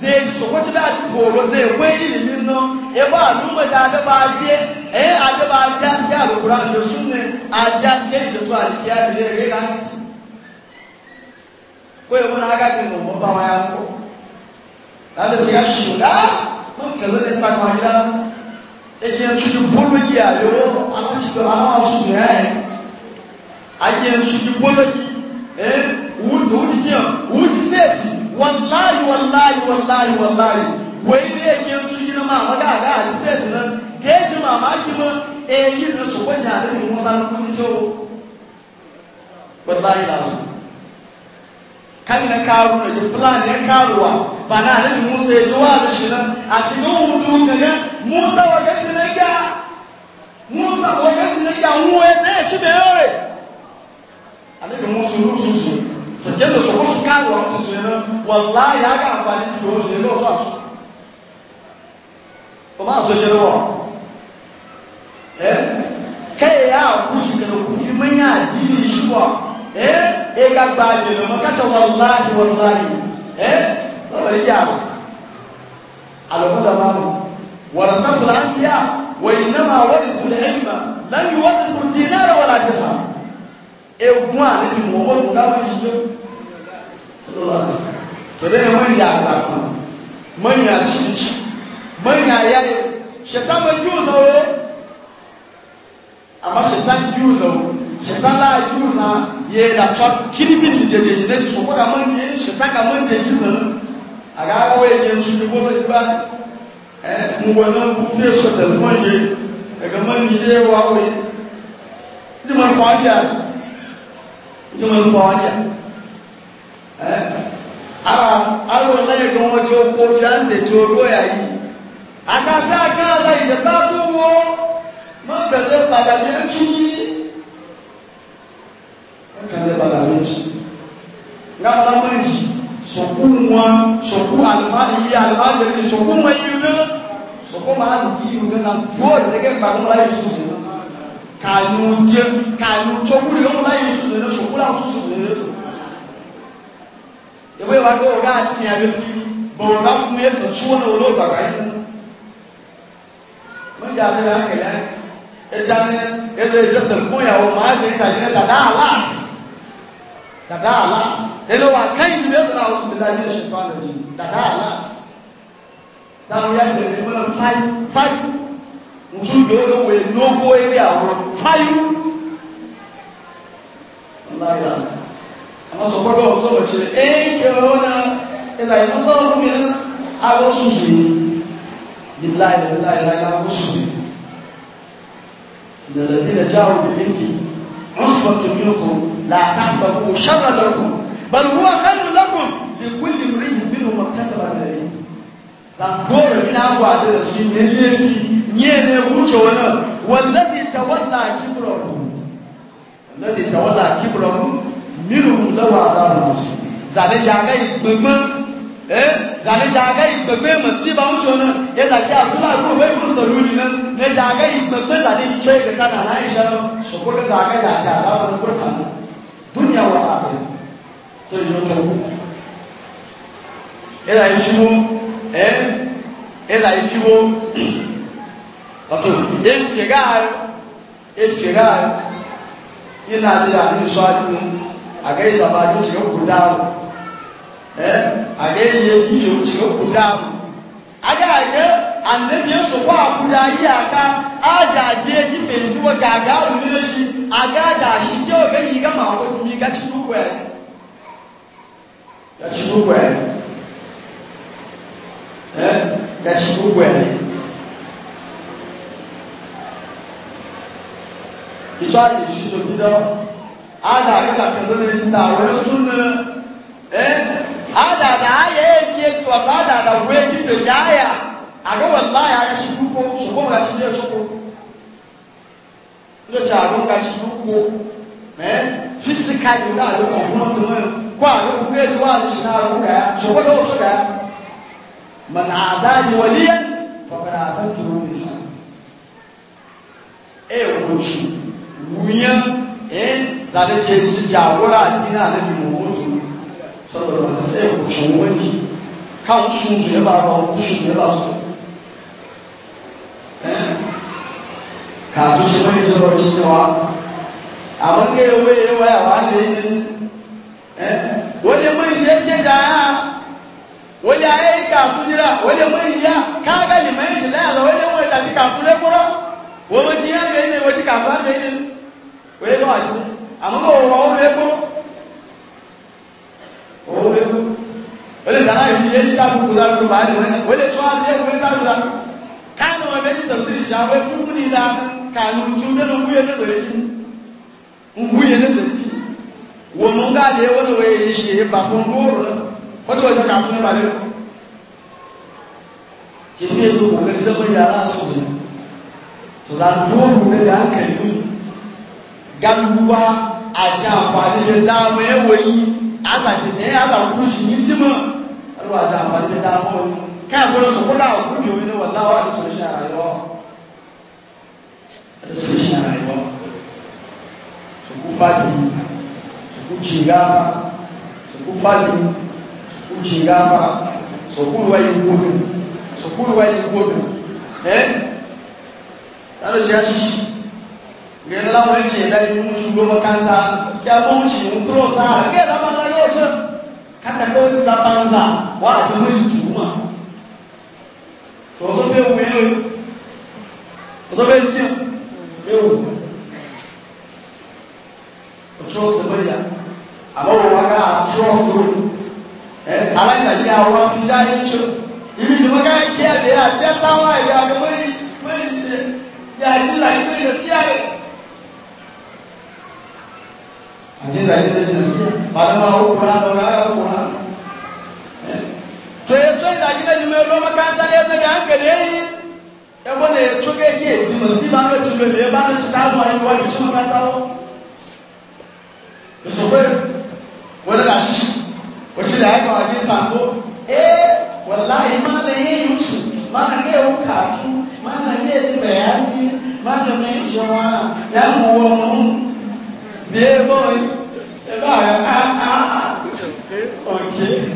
zai ji sokwaci da shi koro zai kwai ilimin nan e ba lu ma da da ba je eh a da ba da ya kura da sunne a ja sai da to alkiya ne ga ko yau muna haka fin gobe ba ya ko ta da ya shura mun ka zo ne sa ko ya e ke shi bulu ya yo an shi da ana su ne a ke shi bulu eh wudu wudu ya eh, wudu seti wallahi wallahi wallahi wallahi wai ne ke shi na ma maga ga seti nan ke ji mamaki ma eh yi da su wajen da mun san kun jo wallahi lazim kan na karu da plan ya karuwa ba na nan Musa ya zuwa da shi nan a cikin hudu kaga Musa wa ga sinaga Musa wa ga sinaga mu ya da shi da yore alai Musa rusu su to ke da su su karuwa su su nan wallahi ya ga amfani da su ne ba su kuma so je ruwa eh kai ya ku shi da ku manya jini shi ba eh e ka gba ni lo mo ka so wallahi wallahi eh o le ya alo mo da ma mo wa rasul anbiya wa inma warithu al-ilma lan yuwarithu dinara wala dirham egun ani ni mo wo da wa ji lo tebe ne mo ya ta ko mo ya shi mo ya ya shetan mo ju so ama shetan ju so shetan la ju sa ye da tsɔ kiri bi ni dede yi ne sɔkɔ da mɛ ye sɛta ka mɛ dede yi zan a ka awɔ ye nye nsu ko mɛ ba ɛ ŋgɔ na ku fi sɔ tɛ mɛ ye ɛgɛ e mɛ ni ye wa o ye ne ma kɔ adi a ne ma kɔ adi a ɛ ala alo na ye gɔn ti o ko fianse ti o do ya yi a ka se a kan la yɛ ba to wo mɛ bɛ se padà yɛ tsi yi kada balame shi nga balame shi soku nwa soku almani yi almajiri soku ma yi na soku ma aziki yi na na tuwo da ke ba kuma layi su su kanu je kanu soku da kuma layi su ne soku la su su ne yabo yaba ko o ka tiɲɛ bɛ fi bɔn o ka kun ye ka suwɔ na o n'o baga yi mo jaa de la kɛlɛ e da ne e de ye tɛ fɔ yan o maa se ka yɛlɛ ka da a la tadala ele wa kan yi ne na o da yi shi fa ne tadala ta o ya de ni mo fai fai musu de o we no go ere awo fai Allah ya ama so ko do so mo se e ke o na e la yi e mo so mi e na a go su ni billahi billahi la ya go su ni الذين جاءوا بالإفك عصبة منكم لا تحسبوا شرا لكم بل هو خير لكم لكل امرئ منهم اكتسب من الاثم زنقول من ابو عبد الرسول نيلي نيلي وجه ولا والذي تولى كبره الذي تولى كبره منهم له عذاب مسلم زعلي جاغي بمن zane jaga igbegbe masi ba ŋutsu ne ye zaki akula ko be ŋutsu luli ne ne jaga igbegbe zane tso ye keka na na yi sɛ sɔkò ne zaga yi ati ala wòle ko ta ne dunya wa akhirah tó yọ tó wù ẹ là ìṣíwó ẹ ẹ là ìṣíwó ọtọ eṣẹgá eṣẹgá yìí náà ti rà ní sọ àdúgbò àgẹ́ ìjọba yóò ṣe kó dáhùn ẹ àgẹ́ ìyẹn yóò ṣe kó dáhùn àgẹ́ àgẹ́ annabi ya so ba ku da yi aka aja je ji fe ji wa gaga ru ne shi aga da shi je o ga yi ga ma ko ni ga ci ku kwa ga ci ku kwa eh ga ci ku kwa ìṣọ́ ìṣí tó dídọ́ ádà àgbàkà tó lè ta àwọn súnmù ẹ́ ádàdà ayé èjì ètò ọ̀pá ádàdà wé jíjò ṣááyà àgọ́ wà láyà ara ti dúpọ̀ ṣùgbọ́n wà sí ilé ṣọ́kọ́ ló ṣe àgọ́ nǹkan ti dúpọ̀ ẹ́ físíkà ìlú àlọ́ ọ̀fun tó ń kó àlọ́ gbé ìlú àlọ́ ṣe náà lọ́wọ́ gàá ṣùgbọ́n lọ́wọ́ ṣe gàá mọ̀nà àdá ìwọlíyẹ fọ̀kàrà àtàtù omi ṣá ẹ wò ṣù wúyẹn ẹ zàlẹ́ ṣe ti jà wọ́rọ̀ àti náà lẹ́nu mọ̀ọ́ sọ̀rọ̀ ṣe wò ṣù wọ́n yìí káwọn ṣù ń bẹ̀rẹ̀ bá wọn kàtó ṣe wọ́n ìjọba òjijì wa àwọn ní ewé ewé àwọn lè ní wọ́n lè mú ìyẹ́ jẹjà yá wọ́n lè ayé ìka àfúnjìrà wọ́n lè mú ìyá káàkiri lè mẹ́rin jìlá yàrá wọ́n lè mú ìdá ti kàfún lẹ́kọ́rọ́ wọ́n mú ti yẹn lẹ́yìn wọ́n ti ndị lẹ́yìn wọ́n lè lọ́wọ́ àti àmọ́ kò wọ́n wọ́n lẹ́kọ́ wọ́n ndị kánà wọn lẹ́yìn tẹ̀sí ìṣàwé fún ní ìlà kàánù ju mẹ́nu wúyẹ ní wẹ̀rẹ̀ yìí ń wúyẹ ní sẹ́yìn wọ́n mú gáàdì ẹ̀ wọ́n wẹ̀ yìí ṣe é bà fún góòrò náà wọ́n ti wọ́n ti kà fún balẹ̀ o. kìíní ètò òkèlè sẹ́wọ́n yàrá sọ̀rọ̀ tòlá dúró òkèlè àkẹ́lú gàlúwa àti àǹfààní lè dáhùn ẹ̀ wọ̀nyí àgbàdìní àgbàkúrú ṣì ní tìmọ̀ àlọ́ àti àǹfààní lè dáhùn ẹ̀ wọ̀nyí káàkiri sọ kódà òkú mi ò ní wà láwọ́ àdìsọ̀rọ̀ṣẹ́ àìwọ́ àdìsọ̀rọ̀ṣẹ́ àìwọ́ sùkú fàájì sùkú jìgáfà sùkú fàájì sùkú jìgáfà sùkú wáyé gbóbi sùkú wáyé gbóbi ẹ́ tàbí ṣe àṣìṣì gẹ̀rẹ́ láwọn ẹ̀jẹ̀ ẹ̀dá inú ṣùgbọ́ mọ́kántà sí abóhùnṣì ń tó sáà gẹ́ẹ̀dá máa lọ́yọ́ ọjọ́ kátàkọ́ ìta bá ń gbà wà á ti mú ìjùmọ̀ ọ̀tọ́ fẹ́ wù ilé ọ̀tọ́ fẹ́ tí ẹwù ọ̀tọ́sì mẹ́yà àbọ̀wọ̀ wa ká àtúrọ̀sì wù ẹ alágbàdì àwọn afidá yìí tó ibi tí wọ́n ká kí ẹ̀dẹ̀ àti ẹ̀táwọn ẹ̀yà àgbẹ̀wé yìí yà ìdílà ìgbé yìí sí àyè. àti ìdílà ìgbé yìí sí àyè. bàtà máa to ya tsoye da gina jimai lo makaranta ne ta ga hankali yayi ya bane ya tsoke ke ji masu ba na cin bebe ya ba na ci ta zuwa yi wani shi makaranta o da sokwai wani da shi wacce da ya ga wajen sako eh wallahi e ma na yi yusu ma na ga yau kafi ma na ga yi bayani ma na ga yi jawa ya mu wani ne boy ya ba ya a a a okay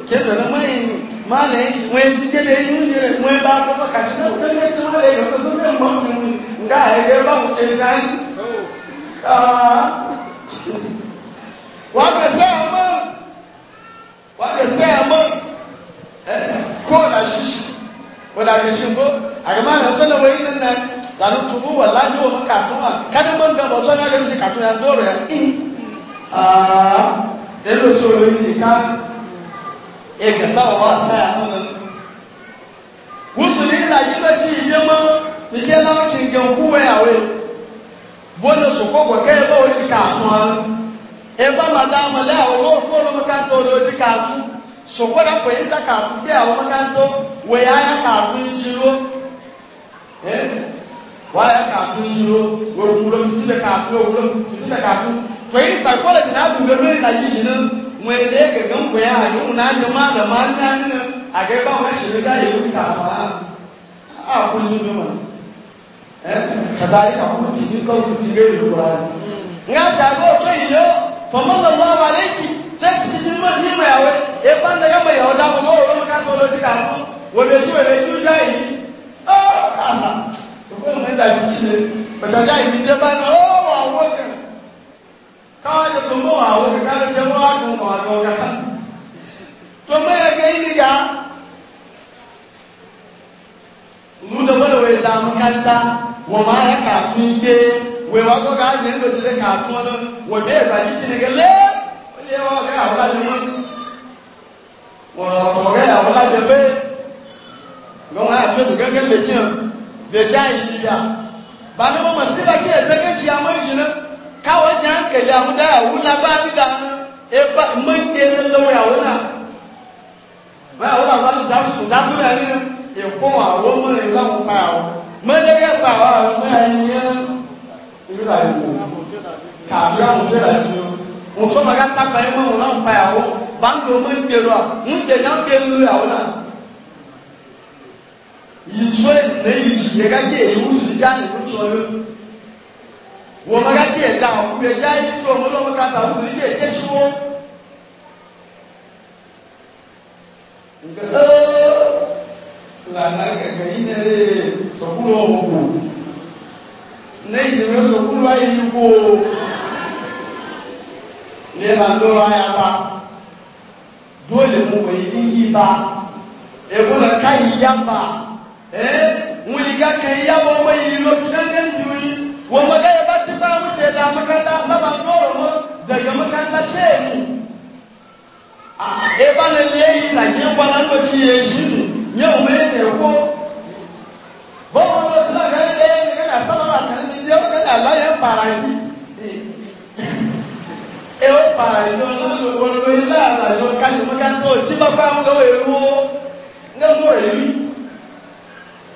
kẹfẹ náà wọn yìí máa lẹ wọn ti kéde inú yẹrẹ wọn bá bọ́ kàṣí náà wọn bẹ tí wọn lè yọ tó bẹ mọ fún mi nga ẹgbẹ bá wọn ṣe ká yìí. wà á kẹsẹ́ ẹ̀ mọ́ wà á kẹsẹ́ ẹ̀ mọ́ kó o dà ṣíṣì o dà ṣíṣì ń bọ́ àgbà náà sọ́nà wọ́n yìí nínú ẹ̀ lànà tùbú wà láyé òun kàtó wa kádé mọ́ nga bọ̀ sọ́nà yẹn ti kàtó yẹn dóòrò yẹn. ẹ̀ẹ́dọ̀ tí o lè yí ká egata wɔ asa ya no nanu wusuli la yi bɛkyi yi nyɛma nike na ɔkyi nkanku wɛ awe bɔne sokɔ kɔkɛ ɛbɛ ɔdi ka ato ano ɛbɛ madama lɛ a wɔn ɔkɔ wɔn mo kanto ɔdi ɔdi ka ato sokɔ na kɔ yita ka ato bi a wɔn mo kanto wɔ ya ya ka ato nkyiro ɛ wɔ ya ka ato nkyiro wɔ wura mu ti bɛ ka ato wɔ wura mu ti bɛ ti na agu bɛ lɛ na yi yi na mwele gaga mgbe ya anyị nwụ n'anya mmadụ ma ndị anyị aga ebe ahụ echiri ga ya ewu e ka ama a akwụrụ n'ime ma kada anyị ka kwụ tinye kọkwụ tinye elukwara anyị nga ti ago ọjọ ìyọ tọmọtọmọ àwàlẹkì chẹkì ti ní mọ ní ìmọ ìyàwó epa ń dẹgẹ mọ ìyàwó dáko mọ òwúrọ̀ mọ káàkiri ọdọ ti kà fún wòlé tí wòlé tí ó já yìí ọ kàlà òkú ọmọ ẹ̀dá ti ṣe pẹtàjà yìí jẹ báyìí ọ wà wọ kawai da tumbo a wuri kare jama'a kuma a doga tumbo ya ga yi ga mu da wani wai da makanta wa ma ya kafin ge wai ma ko ga ne da cire kafin wani wa be ba ji ne ga le wani yawa ga ya wala ne wa ko ga ya wala da be ga ma ya fi ga ga le kin be ja yi ya ba ne ma masiba ke da ga ci amma shi ne kawo ji hankali amu da yawo la ba ni da e ba man ke nan lawo yawo na ba yawo la ba da su da mu ya ni e ko wa wo mu ni la mu pa yawo mo de ke pa wa mo ya ni ya ibi da yi ko ka bi amu je la ni mo so ma ga ta pa mo mo pa yawo ba n do mo n ke lo n de ya ke lu yawo na yi so ne yi ye ga ke yi wòmọ́gàkì ẹ̀dá ọ̀kú ẹ̀yà yìí tó ọmọlọ́mọ kàtà ọ̀sùn nílé ẹ̀jẹ̀ ṣíwó. nǹkan lànà kẹ̀kẹ́ yìí nà lè sọ̀kúrò òkú lẹ́yìn ìṣẹ̀lẹ̀ sọ̀kúrò ayé yìí kó lè nà lọ́rọ̀ ayé dúró lè mú wòye ní yìí bá èkó nà ká yìí yá bá ẹ̀ wọ́n yìí ká kẹ́ yá bọ́ wọ́n yìí lọ́tí náà lẹ́yìn ìwé yìí wa maga ya bati ba wuce da makanta ba ba noro mo daga makanta shehu a ah, e ba ne ne yi ta ke bala ko ci ye shi ne yau me ne ko ba wo lo ta ga ne ne kana sama ba kan ni je ka da la ya para ni e o para ni no lo wo lo yi la la yo makanta o ti ba pa mo ga we wo ne mo re mi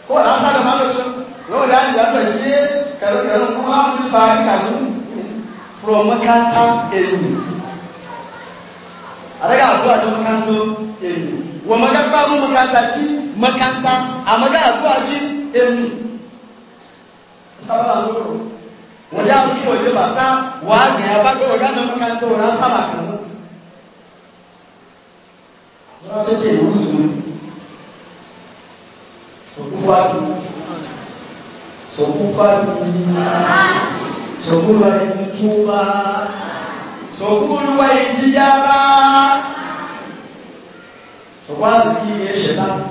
ko la sa da ma lo so lo da ni da ba shi karkarun kuma abin ba ka from makanta elu a daga zuwa ta makanto elu wa maganta mun makanta ci makanta a maga zuwa ci elu sábà lóró wọ́n yá fún ṣòwò ìjọba sá wà á gbìyànjú bá gbé ọ̀gá náà makanta wọn á sábà kan mú. wọ́n á tó dé ìwúsùn. òkú wa dùn sokufamili sokulwa emituba sokulwa ekijaba sokwazikiriye shetani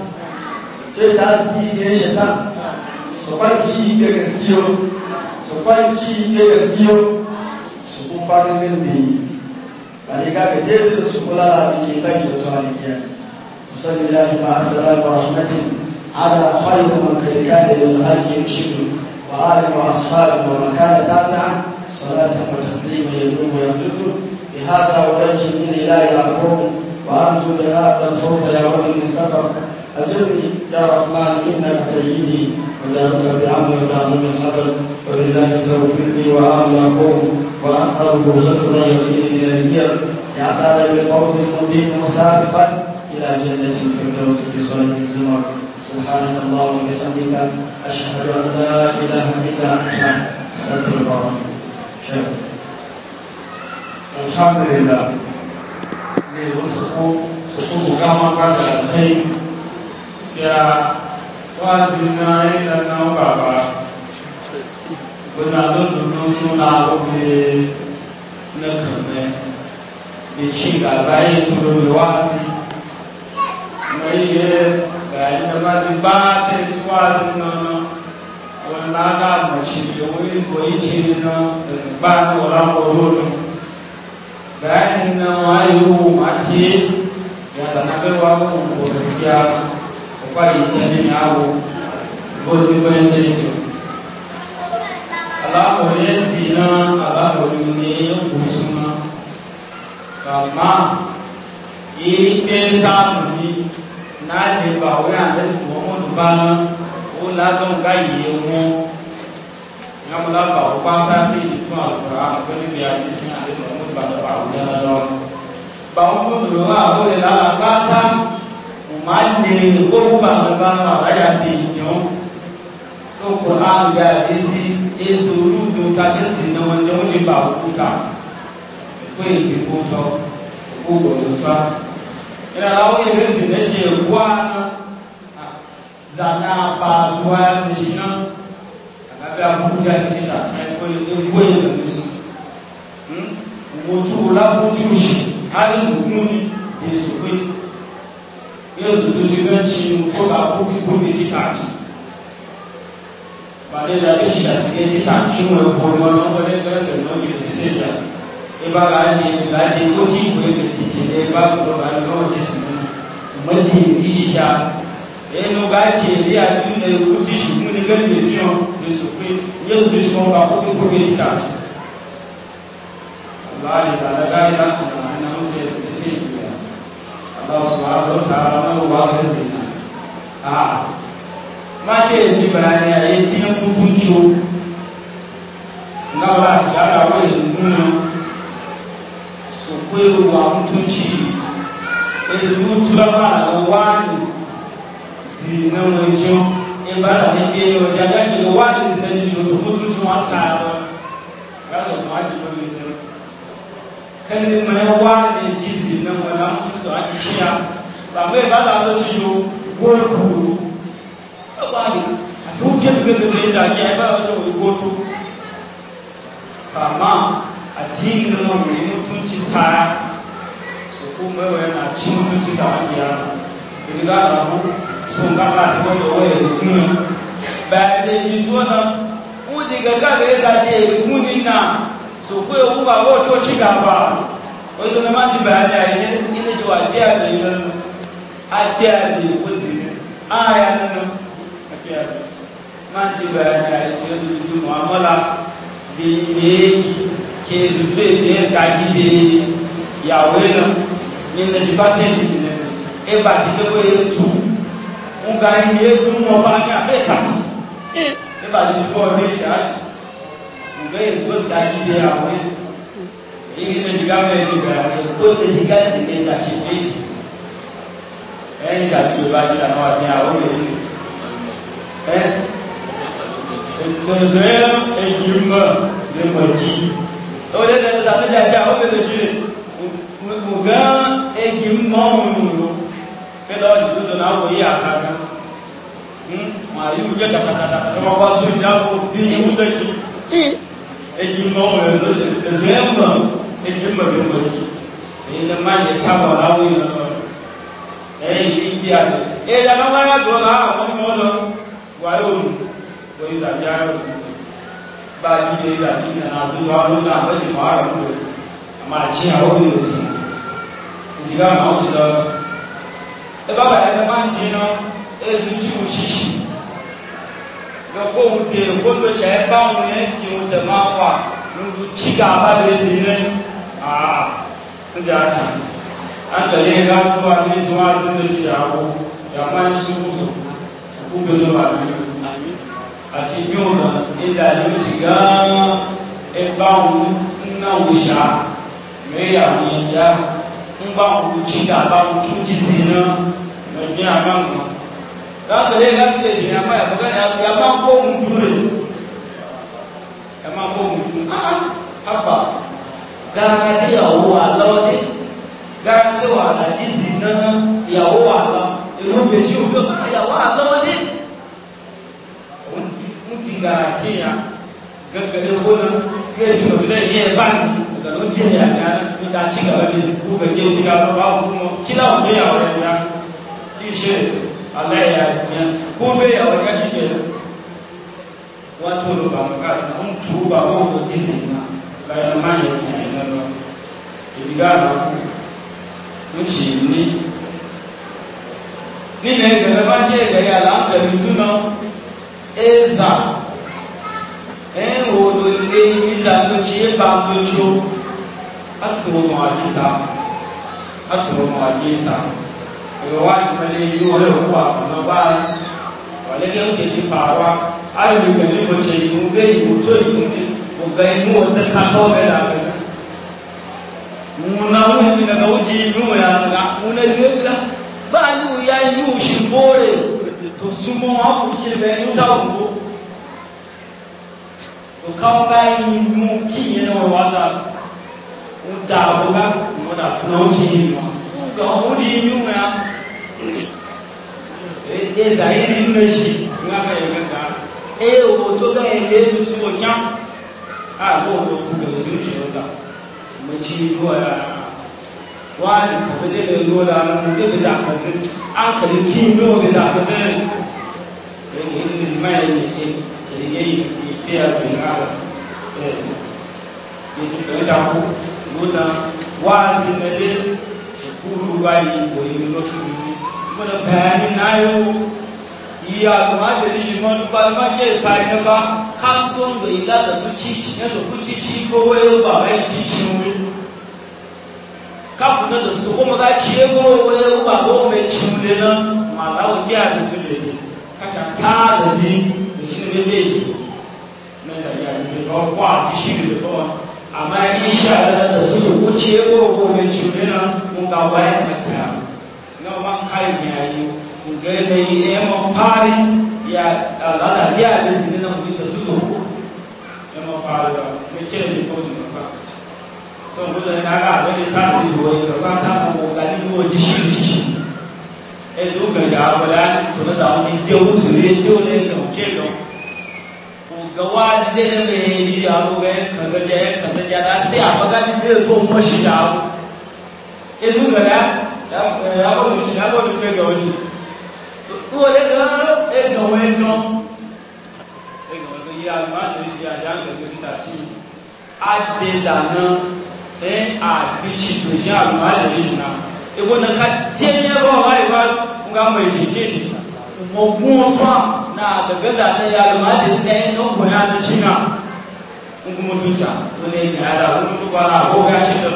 shekyazikiriye shetani sokwakiyibe kesiyo sokwakiyibe kesiyo sokufanelemi balikaketebile sokulala bikinda kyotwalikia صلى الله عليه وسلم ورحمته هذا خير من كان للغي يشكو وعالم وأصحابه ومن كان تابعا صلاة وتسليما يدوم ويقل بهذا ونجي من إله لكم وأنتم بهذا الفوز يا رب من سفر أجرني يا رحمن إنك سيدي وجعلنا بعمل من قبل فبالله توفيقي وأعلم أقوم وأسأل بغلتنا إلى الكبير يا سالم الفوز المبين مسابقا إلى جنة الفردوس بصلاة الزمر سبحانك اللهم وبحمدك أشهد أن لا إله إلا أنت أستغفرك وأتوب شكرا الحمد لله ليرزقوا سقوط كما قال الخير سيا وازنا إلى النوبة ونادر نونو نعرف نكمل من شيء بعيد الوازي ما هي yayin da ba ti ba ta yi zuwa nan wani laga da shi da wani koyi ce na daga ba da wala koro nan bayanin na wayo mace ya zana garwa ko gaskiya ko kwari ta ne yawo ko ni ban ce su alamorin zina alamorin ne ya kusa kama yi ɗaya zamani náà lè bà wí àdéhùn wọn bá wọn ó ládùn báyìí wọn nyamula bà wọ́n bá bá sí ìdìbò àgbà àgbẹ̀lẹ̀ bí adé sí àdéhùn wọn bá bà wọ́n yára lọ. bà wọ́n kó lò wá àwọn ìlà àbáta kò má lè gbóhùn bà wọ́n bá wà láyà fi yàn sóko àgbà adé sí èso olúdo kábíyèsí náà wọn ni wọ́n lè bà wọ́n kú kà kó tọ́ kó gbọ̀dọ̀ tó ina rawo irin su da ke gwana zana ba ruwa da shi nan a gabi abubuwa da shi ta sai kawai da goyi da musu mutu labutu shi halin su kuni da su kuni yin su tuji don shi mutu ba kuki kuni ti ta ci ba dai da shi da su yi ti ta ci mai kuma wani wani ganin da nau'i da ta zai ba baje baje ko ji ko da tice ne ba ko ba ko ji su mali isha e no baje ne a tun ne ku ji shi mun ga ne ji on ne su pe ye su shi on ba ko ko ge ta Allah ya ta ga ya ta na mu je da ji ya Allah subhanahu wa ta'ala na ba ga zina a ma ke ji bayani a yi tin kubuncho na ba shara wa yin nuna akwai ruwa mutunci ezugu tura ba lọ wáàlì sí iná wọn jọ ìbára ní pé ọjà jáde lọ wáàlì sí ẹni jọ tó tó tó wọn sá lọ gbàdọ̀ wọn àti wọn lè jẹun kẹ́ni mọ ẹ wáàlì jí sí iná wọn náà wọn sọ àti ṣíà bàbá ìbára lọ sí yọ wọ́ọ̀kù wáàlì àti wọ́n kẹ́ni pé tẹ̀lé ìdájí àìbára lọ sí ìwọ́n tó bàmá addinin mawuri mutunci sa su kuma yana ci mutunci da wanda ya ga rabu sun ga ba su wanda waya da kuma bayan da yi zuwa nan uji ga kaga ya zaɗe muni na su kuwa kuma wato ci gaba wanda na maji bayan da ya yi ina ji wa biya da yi nan a biya da yi kuzi a ya nan a biya da maji bayan da ya yi mu'amala da yi keezuto ebien ka dibee yàwòrán nà nínú department nà eba ti pé kó yẹ tu nga yi yẹ tu mọ bá ní abẹ́ sàkó eba ti fọ ọdún ìjà àti nga yẹ tó ta dibee yàwòrán yìí nínú ìdíkà mẹ́rin ti bẹ̀rẹ̀ àwọn èkó ìdíkà ti lè ta ṣe méjì ẹ̀yìn ìdàgbé bá ti dànù àti àwọn èyí ẹ̀ ètò ìṣẹ́ èyí mọ̀ lè mọ̀ jù. ɗaure da na zaɓi da ja wanda da shi ne mu ga egi mawun nuno kai da wani zuwa na koyi a kaka ma yi wuce da fatata ta ma ba su ja ko bin yi wuta ki egi mawun nuno da zuwa ma de mawun nuno ki ne da ma ne ta ba na wuyi na nuno ɗaya yi biya ne eh da na ma ya zo na a wani mawun wari ba ki da da ki sana duwa nuna ba ki fara ku amma a ci a wani da su ki ga ma wuce da e ba ba ya ma ji na e su ji mu shi shi ga ko mu te ko do cha e ba mu ne ki mu ta ma wa mun du ci ga ba da ji ne a kun ja ci an da ne ga ku ba ne zuwa sun da shi a ku ya ma shi ku su ku be zuwa ne àti yóòna ilẹ̀ àdúgbò sì gán ẹ bá wọn nná wọn ṣá mẹ́yà wọn yẹn dá ń bá wọn jí ká bá wọn tún jí sí iná lọ́dún yà máa ń wọn. láǹfẹ̀lẹ́ láǹfẹ̀lẹ́ ìṣẹ̀lẹ̀ àmọ́ ẹ̀fọ́ kan yà máa ń kó òun dúró rẹ̀ ẹ̀ máa kó òun dúró á àbà gàdé ìyàwó àlọ́dé gàdé wàhálà ìsìn náà ìyàwó àlọ́ èrò bèjì òjò náà ìyàwó àlọ́dé kuti ga tiya gangare gonan ya ji ba zai iya ba ni da don biya ya ga ni da ci gaba da ku ga ke ji ga ba ku mu kila ku ya wa ya ki she Allah ya ya ko be ya wa shi ke wato ba ka mun tu ba ko ko ji na la ya ma ya ni na no idiga na mun shi ni ni ne ga ba je ga ya la da mutuna eza ẹ̀rọ ilé ìgbésà tó ṣe é bá lójú àtòmọ̀ àdísà àtòmọ̀ àdísà ẹ̀rọ wa ìpínlẹ̀ ìlú ọ̀rẹ́ òkú àkànná báyìí ọ̀lẹ́gẹ́ òkè ti pààrọ̀ àrùn ìgbẹ̀mí mo ṣe ìlú bẹ́ ìlú tó ìlú ti mo bẹ inú ọ̀tẹ́ ká lọ́ọ̀bẹ̀ làbẹ̀. mo náwó ìpínlẹ̀ náà ó jí inú ẹ̀ zugbọn wọn kò kí lè bẹ̀rẹ̀ nígbà òwò tó káwọn báyìí mú kí ìyẹn náà wà dà ó dà ó bá kò dà tó náà ó é mọ tó ó di inú ya ee zàyé ni inú ẹ ṣe nígbà bẹ̀rẹ̀ mẹ́ta ee òwò tó bẹ̀rẹ̀ lé ní sùwọ̀n nyá àbọ̀ òwò kò bẹ̀rẹ̀ ní da ruwa da ranar da da dafafin لأن المال لكي يبيع بالعالم يتفعله لولا وازن له يقول واي ويلوتي من بيان نايو iye àgbàmáṣe ní ṣùgbọ́n nípa ìmájẹ́ ìparí nípa káńtọ́ǹdọ̀ ìlànà fún chíchì nẹ́tọ̀ fún chíchì gbówó ẹ̀rọ bàbá ẹ̀ chíchì wọn kafu na da su kuma za ci yi goro wani ruba ko mai cimle nan ma za mu biya da tun da takara ni ìṣẹ̀lẹ̀ mẹ́ta yà ní ọkọ àti ṣìlẹ kọ àmọ́ ẹni iṣẹ́ àdáda sí òkú tí ẹ wọ owó mi tù mí náà mo ga wá ẹ mẹ́ta ní ọmọ ká ìgbìn ayé ǹgẹ ẹni ilé ẹmọ parí yà àlàlà yà àbẹ sí nínú mi lọ sí òkú ẹmọ parí wa mi jẹ ẹni kó ní ọgbà sọ wọn lọ ní ara àbẹ ní táàbù ìwọ ìgbà bá táàbù ọgá nínú òjì ṣìlẹ ṣìlẹ ezu gaja wala to na da mun je usuri je ne ka ke do ko gawa je ne me yi ya ko ga ka ga je ka ga ja da sai a baga ni je ko mo shi da ezu gaja da ya ko shi na ko ni ga wani ko le ga e ga wani no e ga wani ya ma ni shi ya ja ga ni ta shi a de da na e a bi shi to ja ma ni shi na ebo na ka tiene ba wa e ba nga mai jiji mo gun e pa na daga da ta ya ma de ne no ko ya ni china ngumu tuta to ne ni ala ko to ba na ho ga shi da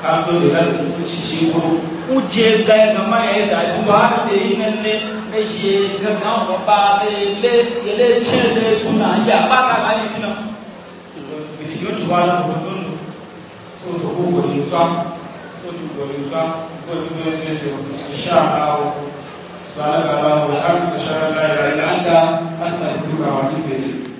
ka to da su shi shi ko u je ga ga ma ya da shi ba de yin ne ne je ga ga ba ba de le le che de tu na ya ba ka ka ni tina bi yo tu ba na ko to so to ko ni ta كتب ورزاق كتب ورزاق إن شاء الله سبحانك اللهم وبحمدك أشهد أن لا إله إلا أنت أستغفرك وأتوب إليك